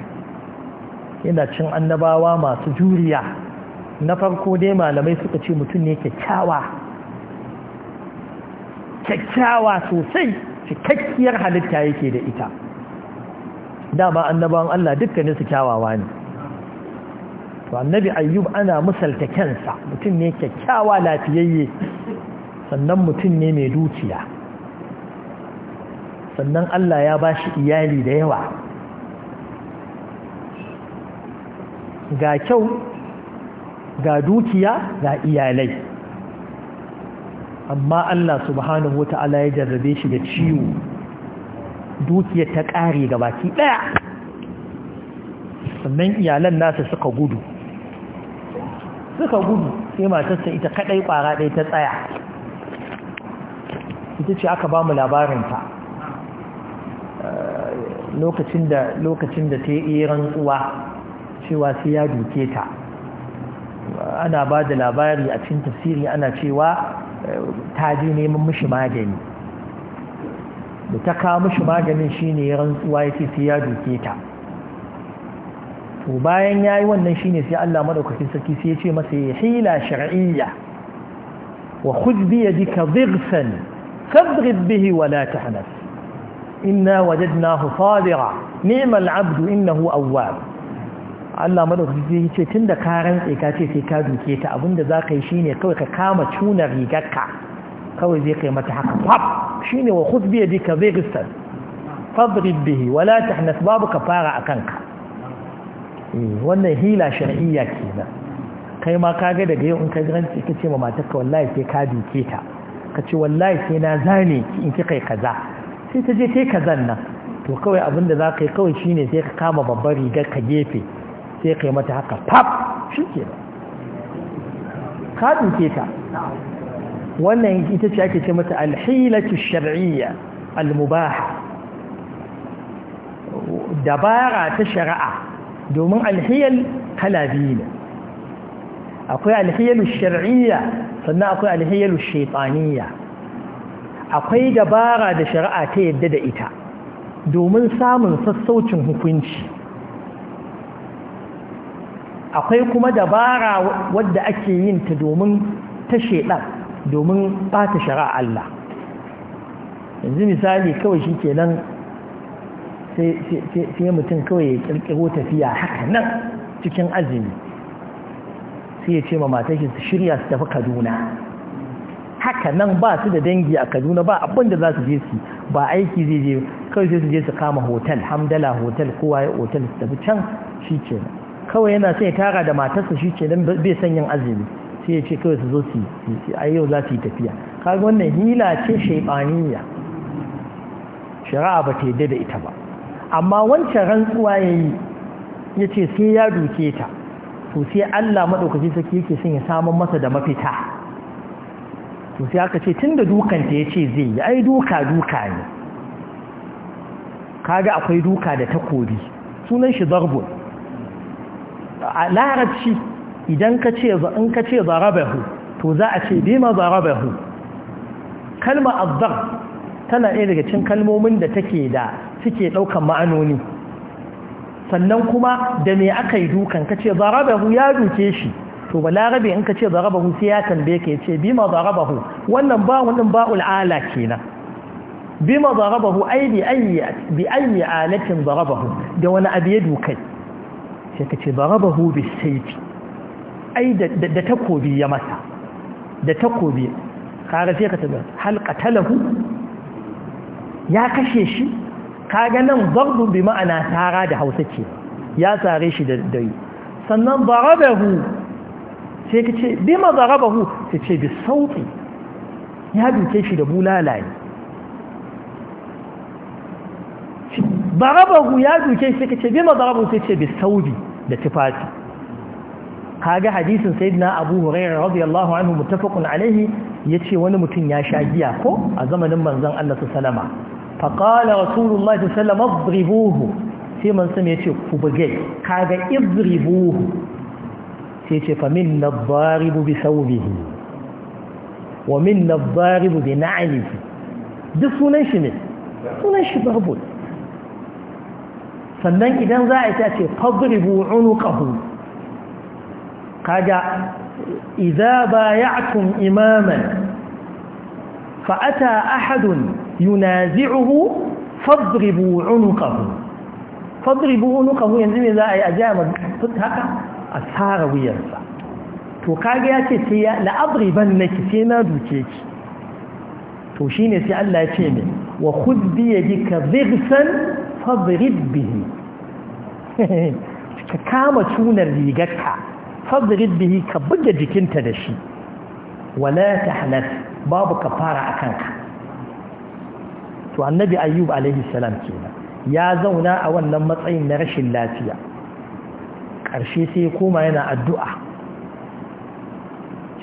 yana cin annabawa masu juriya na farko dai malamai suka ce mutum ne kyakkyawa kyakkyawa sosai cikakkiyar halitta yake da ita dama annabawan Allah dukkanin su kyawawa ne to annabi ayyub ana misalta kansa mutum ne kyakkyawa lafiyayye sannan mutum ne mai dukiya sannan Allah ya bashi iyali da yawa ga kyau ga dukiya ga iyalai amma Allah subhanahu wa ta'ala ya jarrabe shi da ciwo dukiyar ta ƙare ga baki ɗaya sannan iyalan nasa suka gudu suka gudu sai matarsa ita kaɗai ƙwara ɗaya ta tsaya ita ce aka ba mu labarinta eh, lokacin da lokacin da ta yi tsuwa cewa sai ya duke ta ana ba da labari a cin tafsiri ana cewa ta je neman mishi magani da ta kawo mishi maganin shine ya rantsuwa ya ce sai ya duke ta to bayan ya yi wannan shine sai Allah madaukakin sarki sai ya ce masa ya hila shar'iyya wa khudh bi yadika dhirsan fadrib bihi wa la tahnas inna wajadnahu sabira ni'mal 'abdu innahu awwab Allah madaukaki ya ce tunda ka rantse ka ce sai ka duke ta abinda za ka yi shine kawai ka kama cuna rigarka kawai zai kai mata haka fab shine wa khudh bi yadika zighsan fadrib bihi wala tahnas babu fara akanka eh wannan hila shar'iyya kenan kai ma ga daga yau in ka rantse ka ce ma ka wallahi sai ka duke ta ka ce wallahi sai na zane ki in kika yi kaza sai ta je sai kazan nan to kawai abinda za ka yi kawai shine sai ka kama babbar rigar ka gefe sai kai mata haka pap shi ke ka duke ta wannan ita ce ake ce mata alhilatu shar'iyya almubaha dabara ta shari'a domin alhiyal kala biyu ne akwai alhiyalu shar'iyya sannan akwai alhiyalu shaitaniyya akwai dabara da shari'a ta yadda da ita domin samun sassaucin hukunci akwai kuma dabara wadda ake yin ta domin ta shaidan domin bata shari'a Allah yanzu misali kawai shi ke nan sai mutum kawai ya kirkiro tafiya haka nan cikin azumi sai ya ce ma matashi su shirya su tafi kaduna haka nan ba su da dangi a kaduna ba abin da za su je su ba aiki zai je kawai sai su je su kama hotel hamdala hotel kowa ya hotel su tafi can shi ke nan. kawai yana sai tara da matarsa shi ce don bai san yin azumi sai ya ce kawai su zo su yi a yau za su yi tafiya kaga wannan hila ce shaibaniya shari'a ba ta yadda da ita ba amma wancan rantsuwa ya yi ya ce sai ya duke ta to sai Allah maɗaukaci saki yake son ya samun masa da mafita to sai aka ce tun da dukanta ya ce zai yi ai duka duka ne kaga akwai duka da takobi sunan shi zarbun a larabci idan ka ce in ka ce zarabahu to za a ce bima zarabahu kalma azzar tana ɗaya daga cikin kalmomin da take da suke ɗaukan ma'anoni sannan kuma da me aka yi dukan ka ce zarabahu ya duke shi to ba larabe in ka ce zarabahu sai ya tambaye ka ce bima zarabahu wannan ba wani ba'ul ala kenan bima zarabahu ai bi ayyi bi ayyi alatin zarabahu da wani abu ya sai ka ce bi saifi ai da takobi ya masa da takobi kare sai ka tabbata hal qatalahu ya kashe shi kaga nan babu bi ma'ana tara da Hausa ce ya tsare shi da dai sannan hu sai ka ce bi ma raba hu sai ce bi sauti ya duke shi da bulalaye barabahu ya duke shi sai ka ce bi ma bima barabahu sai ce bi saudi da tufafi kaga hadisin sayyidina abu hurairah radiyallahu anhu muttafaqun alayhi yace wani mutum ya sha giya ko a zamanin manzon Allah sallama fa qala rasulullahi Sallama adribuhu wasallam sai manzon yace ku buge kaga idribuhu sai yace fa minna adribu bi thawbihi wa minna adribu bi na'lihi duk sunan shi ne sunan shi barbul sannan idan za a yi ta ce fadribu unuqahu kaga idza bay'atum imaman fa ata ahadun yunazi'uhu fadribu unuqahu fadribu unuqahu yanzu ne za a yi a jama haka a tsara wuyarsa to kaga ya ce sai ya la'adriban naki sai na duke ki to shine sai Allah ya ce ne wa khudh bi yadika dhighsan fadrib bihi [laughs] ka kama tunar rigarka fadrib bihi ka buga jikinta da shi wala tahnaf babu kafara akan ka to annabi ayyub alaihi salam kenan ya zauna a wannan matsayin na rashin lafiya ƙarshe sai ya koma yana addu'a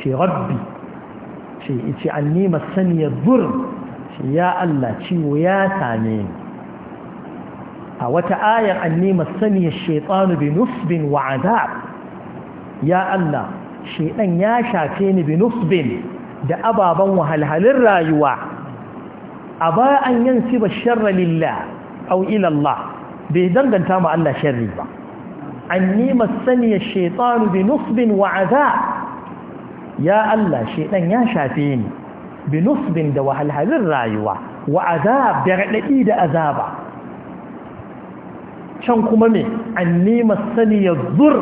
ce rabbi ce ice an nema saniyar zur ya Allah ciwo ya same ni a wata ayar anni masaniya shaitanu bi nusbin wa azab ya Allah shaitan ya shafe ni bi nusbin da ababan wahalhalin rayuwa a ba an yansi ba sharra lillah au ila Allah bai danganta ma Allah sharri ba anni masaniya shaitanu bi nusbin wa azab ya Allah shaitan ya shafe ni bi nusbin da wahalhalin rayuwa wa azab da radadi da azaba can kuma me Sani ya zur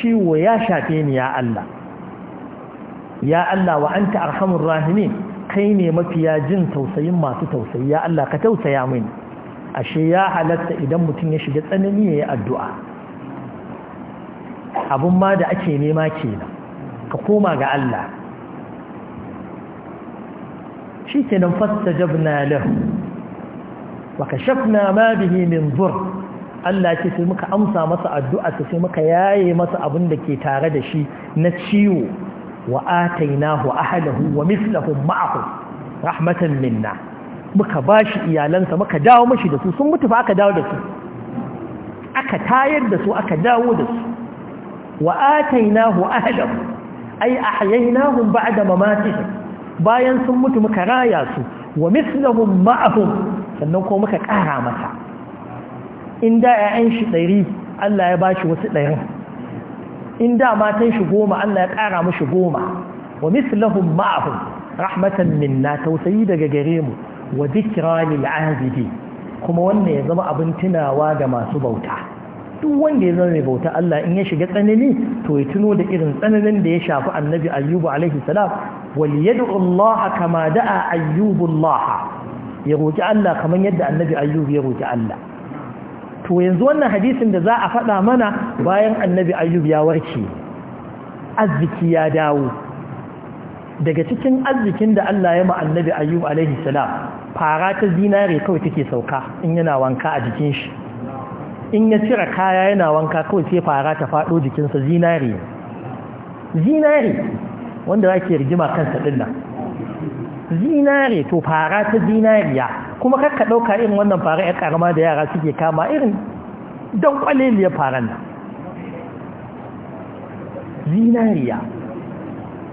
ciwo ya shafe ni ya Allah ya Allah wa anta arhamur rahimin kai ne mafiya jin tausayin masu tausayi ya Allah ka tausaya mini ashe ya halatta idan mutum ya shiga tsanani ya yi addu'a abun ma da ake nema kenan ka koma ga Allah shi kenan fasta jabna lahu wa kashafna ma bihi min zur Allah ce sai muka amsa masa addu'a sai muka yaye masa abin da ke tare da shi na ciwo wa atainahu ahlahu wa mislahum ma'ahu rahmatan minna muka ba shi iyalansa muka dawo mashi da su sun mutu fa aka dawo da su aka tayar da su aka dawo da su wa atainahu ahlahu ay ahyaynahum ba'da mamatihim bayan sun mutu muka raya su wa mislahum ma'ahum sannan ko muka kara masa in da 'ya'yan shi ɗari Allah ya bashi wasu ɗayan in da matan shi goma Allah ya ƙara mashi goma wa mislahum ma'ahum rahmatan minna tausayi daga gare mu wa zikra lil azidi kuma wannan ya zama abin tunawa ga masu bauta duk wanda ya zama mai bauta Allah in ya shiga tsanani to ya tuno da irin tsananin da ya shafi annabi ayyubu alaihi salam wal yad'u Allah kama da'a ayyubu Allah ya roki Allah kaman yadda annabi ayyubu ya roki Allah to yanzu wannan hadisin da za a faɗa mana bayan annabi ayyub ya warke arziki ya dawo daga cikin arzikin da Allah ya ma annabi ayyub alaihi salam fara ta zinare kawai take sauka in yana wanka a jikin shi in ya cire kaya yana wanka kawai sai fara ta faɗo jikinsa zinare zinare wanda za ke rigima kansa ɗin nan zinare to fara ta zinariya kuma ka ɗauka irin wannan fara ya karama da yara suke kama irin don kwaliliya faran nan zinariya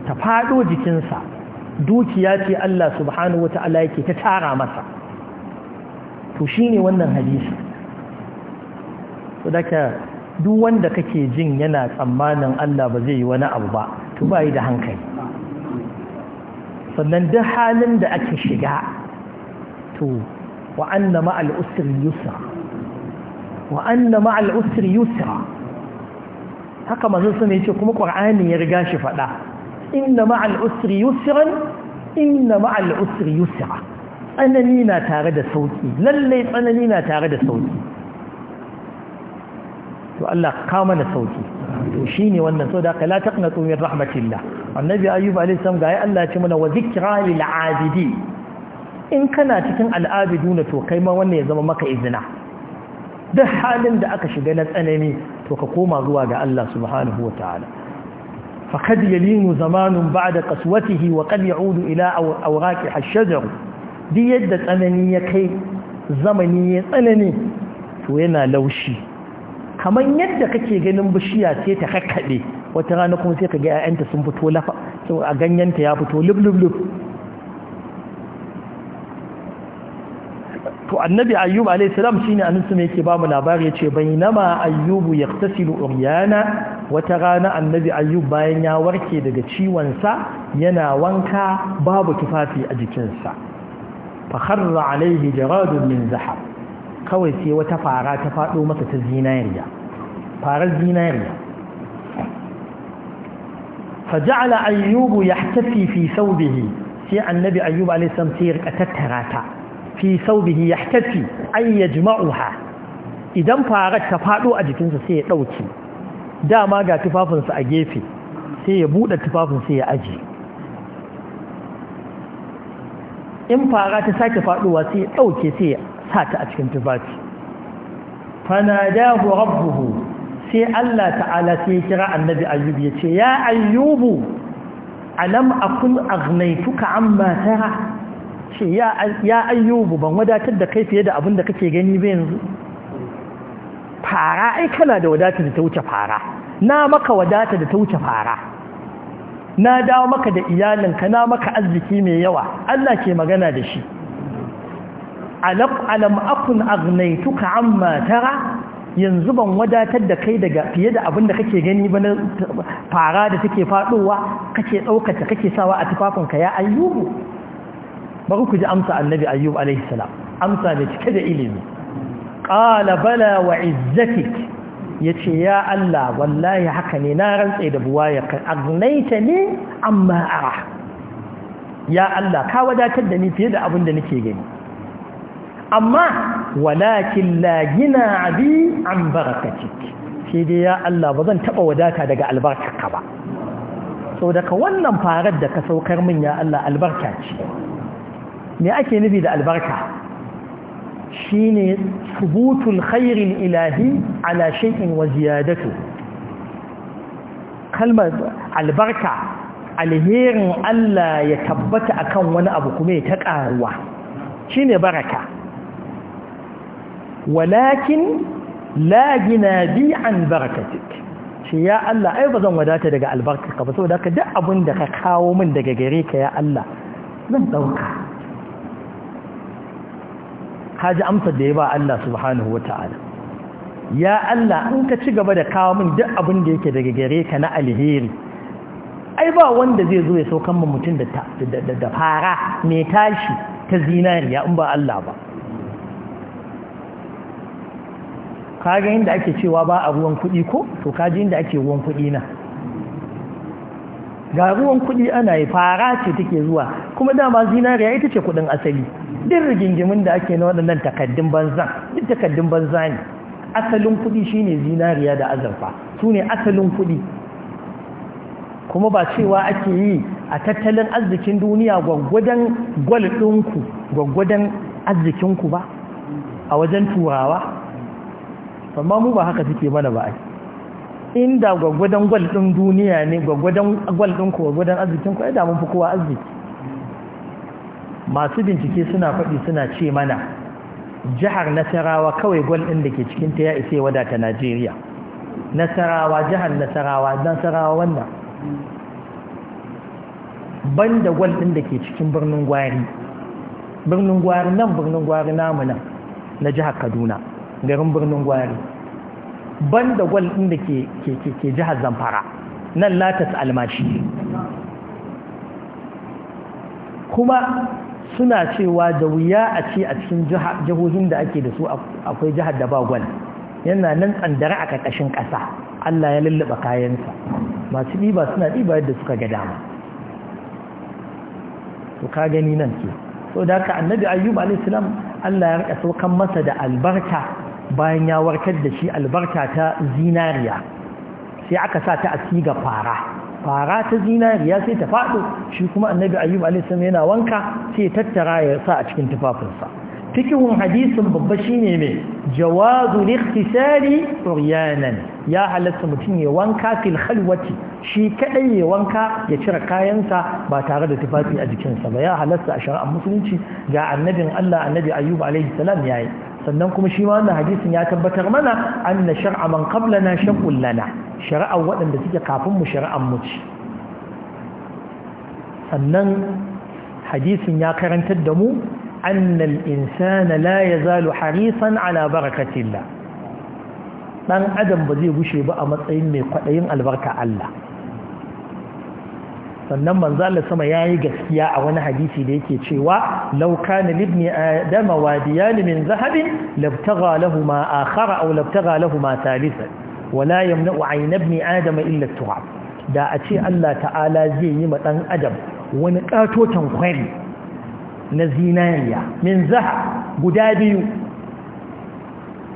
ta faɗo jikinsa dukiya ce Allah subhanahu wata'ala yake ta tara masa to shi ne wannan hadisi sadaka duk wanda kake jin yana tsammanin Allah ba zai yi wani abu ba to ba da hankali sannan duk halin da ake shiga to wa anna ma al'usri yusra wa anna ma al'usri yusra haka manzon sun yace kuma qur'ani ya riga shi fada inna ma al'usri yusran inna ma al'usri yusra tsanani na tare da sauki lalle tsanani na tare da sauki to Allah ka mana sauki to shi ne wannan so da la taqnatu min rahmatillah annabi ayyub alayhi salam ga ya Allah ya ce mana wa zikra lil abidi in kana cikin al'abiduna to kai ma wannan ya zama maka izina duk halin da aka shiga na tsanani to ka koma zuwa ga Allah subhanahu wa ta'ala faqad yalinu zamanun ba'da qaswatihi wa qad ya'udu ila awraqi hashajar di yadda tsanani ya kai zamani ya tsanani to yana laushi kamar yadda kake ganin bishiya sai ta kakkaɗe wata rana kuma sai ka ga 'ya'yanta sun fito lafa a ganyanta ya fito lub-lub-lub. annabi ayyub alayhi salam shine annabi mai yake bamu labari yace bainama ayyubu yaktasilu uryana wata rana annabi ayyub bayan ya warke daga ciwon sa yana wanka babu tufafi a jikin sa. fa kharra alayhi jaradun min zahab kawai sai wata fara ta fado masa ta zinariya farar zinariya yahtafi fi thawbihi sai annabi ayyub alayhi salam sai ya tattara ta fi saubihi yahtafi an yajma'uha idan farar ta fado a jikinsa sai ya dauke dama ga tufafinsa a gefe sai ya bude tufafin sai ya aje in fara ta sake fadowa sai ya dauke sai ya sa ta a cikin tufafi fanadahu rabbuhu sai Allah ta'ala sai ya kira annabi ayyub ya ce ya ayyubu alam akun agnaituka amma tara ce ya ayyubu ban wadatar da kai fiye da abin da kake gani ba yanzu fara ai kana da wadatar da ta wuce fara na maka wadata da ta wuce fara na dawo maka da iyalinka na maka arziki mai yawa Allah ke magana da shi alam akun agnaituka amma tara yanzu ban wadatar da kai daga fiye da abin da kake gani ba na fara da take fadowa kake daukata kake sawa a tufafinka ya ayyubu bari ku ji amsa annabi ayyub alaihi salam amsa da cike da ilimi qala bala wa izzatik yace ya Allah wallahi haka ne na rantsa da buwaya kan agnaita ne amma ara ya Allah ka wadatar da ni fiye da abin da nake gani amma walakin la gina abi an barakatik sai dai ya Allah ba zan taba wadata daga albarkarka ba so daga wannan farar da ka saukar min ya Allah albarka ce me ake nufi da albarka Shi shine subutun khairin ilahi ala shekin wa ziyadatu kalmar albarka alherin Allah ya tabbata a kan wani abu kuma ya ta karuwa ne baraka walakin lagina bi an barakatik shi ya Allah ai ba zan wadata daga ka ba saboda ka duk abin da ka kawo min daga gare ka ya Allah zan dauka kaji amsa da ya ba Allah subhanahu wata'ala ya Allah an ka ci gaba da kawo min duk abin da yake daga gare ka na alheri ai ba wanda zai zo ya saukan mu mutum da da fara mai tashi ta zinariya in ba Allah ba ka ga inda ake cewa ba a ruwan kuɗi ko to kaji inda ake ruwan kuɗi na ga ruwan kuɗi ana yi fara ce take zuwa kuma dama zinariya ita ce kuɗin asali din rigingimin da ake na waɗannan takaddun banza duk takaddun banza ne asalin kuɗi shine zinariya da azurfa su ne asalin kuɗi kuma ba cewa ake yi a tattalin arzikin duniya gwaggwadon gwal ɗinku gwaggwadon arzikinku ba a wajen turawa amma mu ba haka suke mana ba ai inda gwagwadon gwal ɗin duniya ne gwagwadon gwal ɗin ku gwagwadon arzikin ku da mun fi kowa arziki masu bincike suna faɗi suna ce mana jihar nasarawa kawai gwal ɗin da ke cikin ta ya isa ya wadata najeriya nasarawa jihar nasarawa nasarawa wannan banda gwal ɗin da ke cikin birnin gwari birnin gwari nan birnin gwari namu nan na jihar kaduna garin birnin gwari banda gwal ɗin da ke jihar zamfara nan latas almashi kuma suna cewa da wuya a ce a cikin jihohin da ake da su akwai jihar da ba gwal yana nan tsandara a ƙarƙashin ƙasa Allah ya lullaba kayansa masu ɗiba suna ɗiba yadda suka ga dama to ka gani nan ke so da haka annabi ayyub alaihissalam Allah ya rika saukan masa da albarka bayan ya warkar da shi albarka ta zinariya sai aka sa ta a ga fara fara ta zinariya sai ta faɗo shi kuma annabi ayyub salam yana wanka sai tattara ya sa a cikin tufafinsa fikihun hadisin babba shine mai jawazu liktisari uryanan ya halatta mutum ya wanka fil khalwati shi kaɗai ya wanka ya cire kayansa ba tare da tufafi a jikinsa ba ya halatta a shari'ar musulunci ga annabin Allah annabi ayyub alaihi salam yayi sannan kuma shi ma wannan hadisin ya tabbatar mana anna shar'a man qablana shar'un lana shari'ar waɗanda suke kafin mu shari'ar mu ce sannan hadisin ya karantar da mu anna al-insana la yazalu harisan ala barakatillah dan adam ba zai gushe ba a matsayin mai kwaɗayin albarka Allah sannan manzo Allah sama yayi gaskiya a wani hadisi da yake cewa law kana libni adama wadiyan min zahabin labtagha lahumā ākhara aw labtagha lahumā thalithan wala yamna'u 'ayna ibni adama illa at da a ce Allah ta'ala zai yi ma dan adam wani katotan kwari na zinariya min zahab guda biyu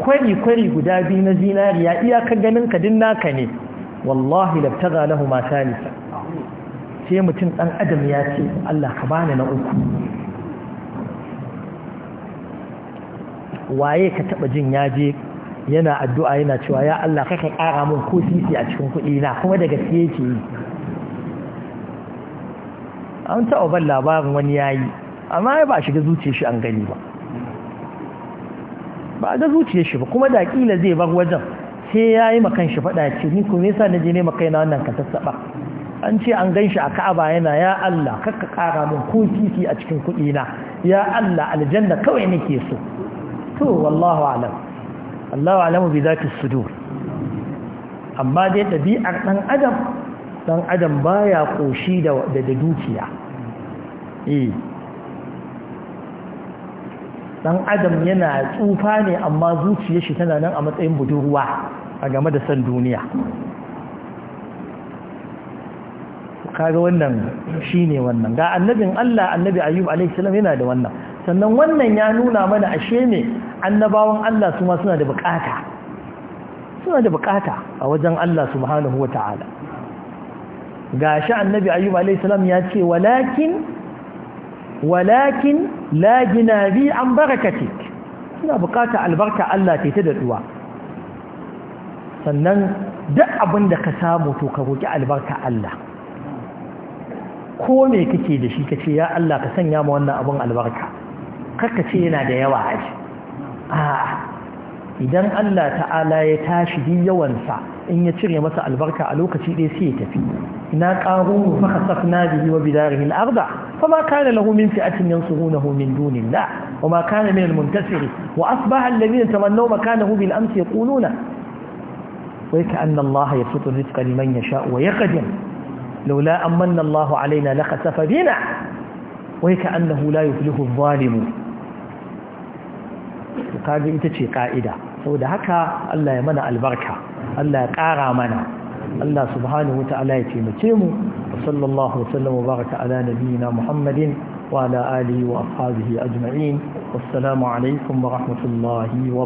kwari kwari guda biyu na zinariya iyaka ganin ka din naka ne wallahi labtagha lahumā thalithan sai mutum ɗan adam ya ce Allah ka bani na uku waye ka taɓa jin ya je yana addu'a yana cewa ya Allah ka ƙara mun ko sisi a cikin kuɗi na kuma daga siye yake yi an taɓa ban labarin wani yayi amma ya ba shiga zuciyar shi an gani ba ba ga zuciyar shi ba kuma da ƙila zai bar wajen sai ya yayi makan shi faɗa ce ni ku me yasa je ne makai na wannan ka sassaɓa an ce an ganshi a ka'aba yana ya Allah kakka kara min ko kifi a cikin kuɗi na ya Allah aljanna kawai nake so to wallahu alam Allahu alamu bi zati sudur amma dai ɗabi'ar ɗan adam ɗan adam baya koshi da da dukiya eh ɗan adam yana tsufa ne amma zuciyar shi tana nan a matsayin budurwa a game da san duniya kaga wannan shi ne wannan ga annabin Allah annabi ayyub a.s. yana da wannan sannan wannan ya nuna mana ashe ne annabawan Allah su ma suna da bukata suna da bukata a wajen Allah su ta'ala ga shi annabi ayyub a.s. ya ce walakin walakin la bi an barakati suna bukata albarka Allah ta da duwa sannan duk abin da ka samu to ka roki albarka Allah ko me kake da shi ce ya Allah ka sanya ma wannan abun albarka kakka ce yana da yawa aji idan Allah ta'ala ya tashi bi yawansa in ya cire masa albarka a lokaci ɗaya sai ya tafi ina qarun fa khasafna bihi wa bidarihi al-ardh fama kana lahu min fi'atin yansurunahu min dunillah وما كان من المنتصر وأصبح الذين تمنوا مكانه بالأمس يقولون ويكأن الله يبسط الرزق لمن يشاء ويقدر laula an manna Allahu alaina la khasafa bina wai ka annahu la yuflihu zalimu kaga ita ce ka'ida saboda haka Allah ya mana albarka Allah ya ƙara mana Allah subhanahu wa ta'ala ya taimake mu وصلى الله وسلم وبارك على نبينا محمد وعلى آله وأصحابه أجمعين والسلام عليكم ورحمة الله وبركاته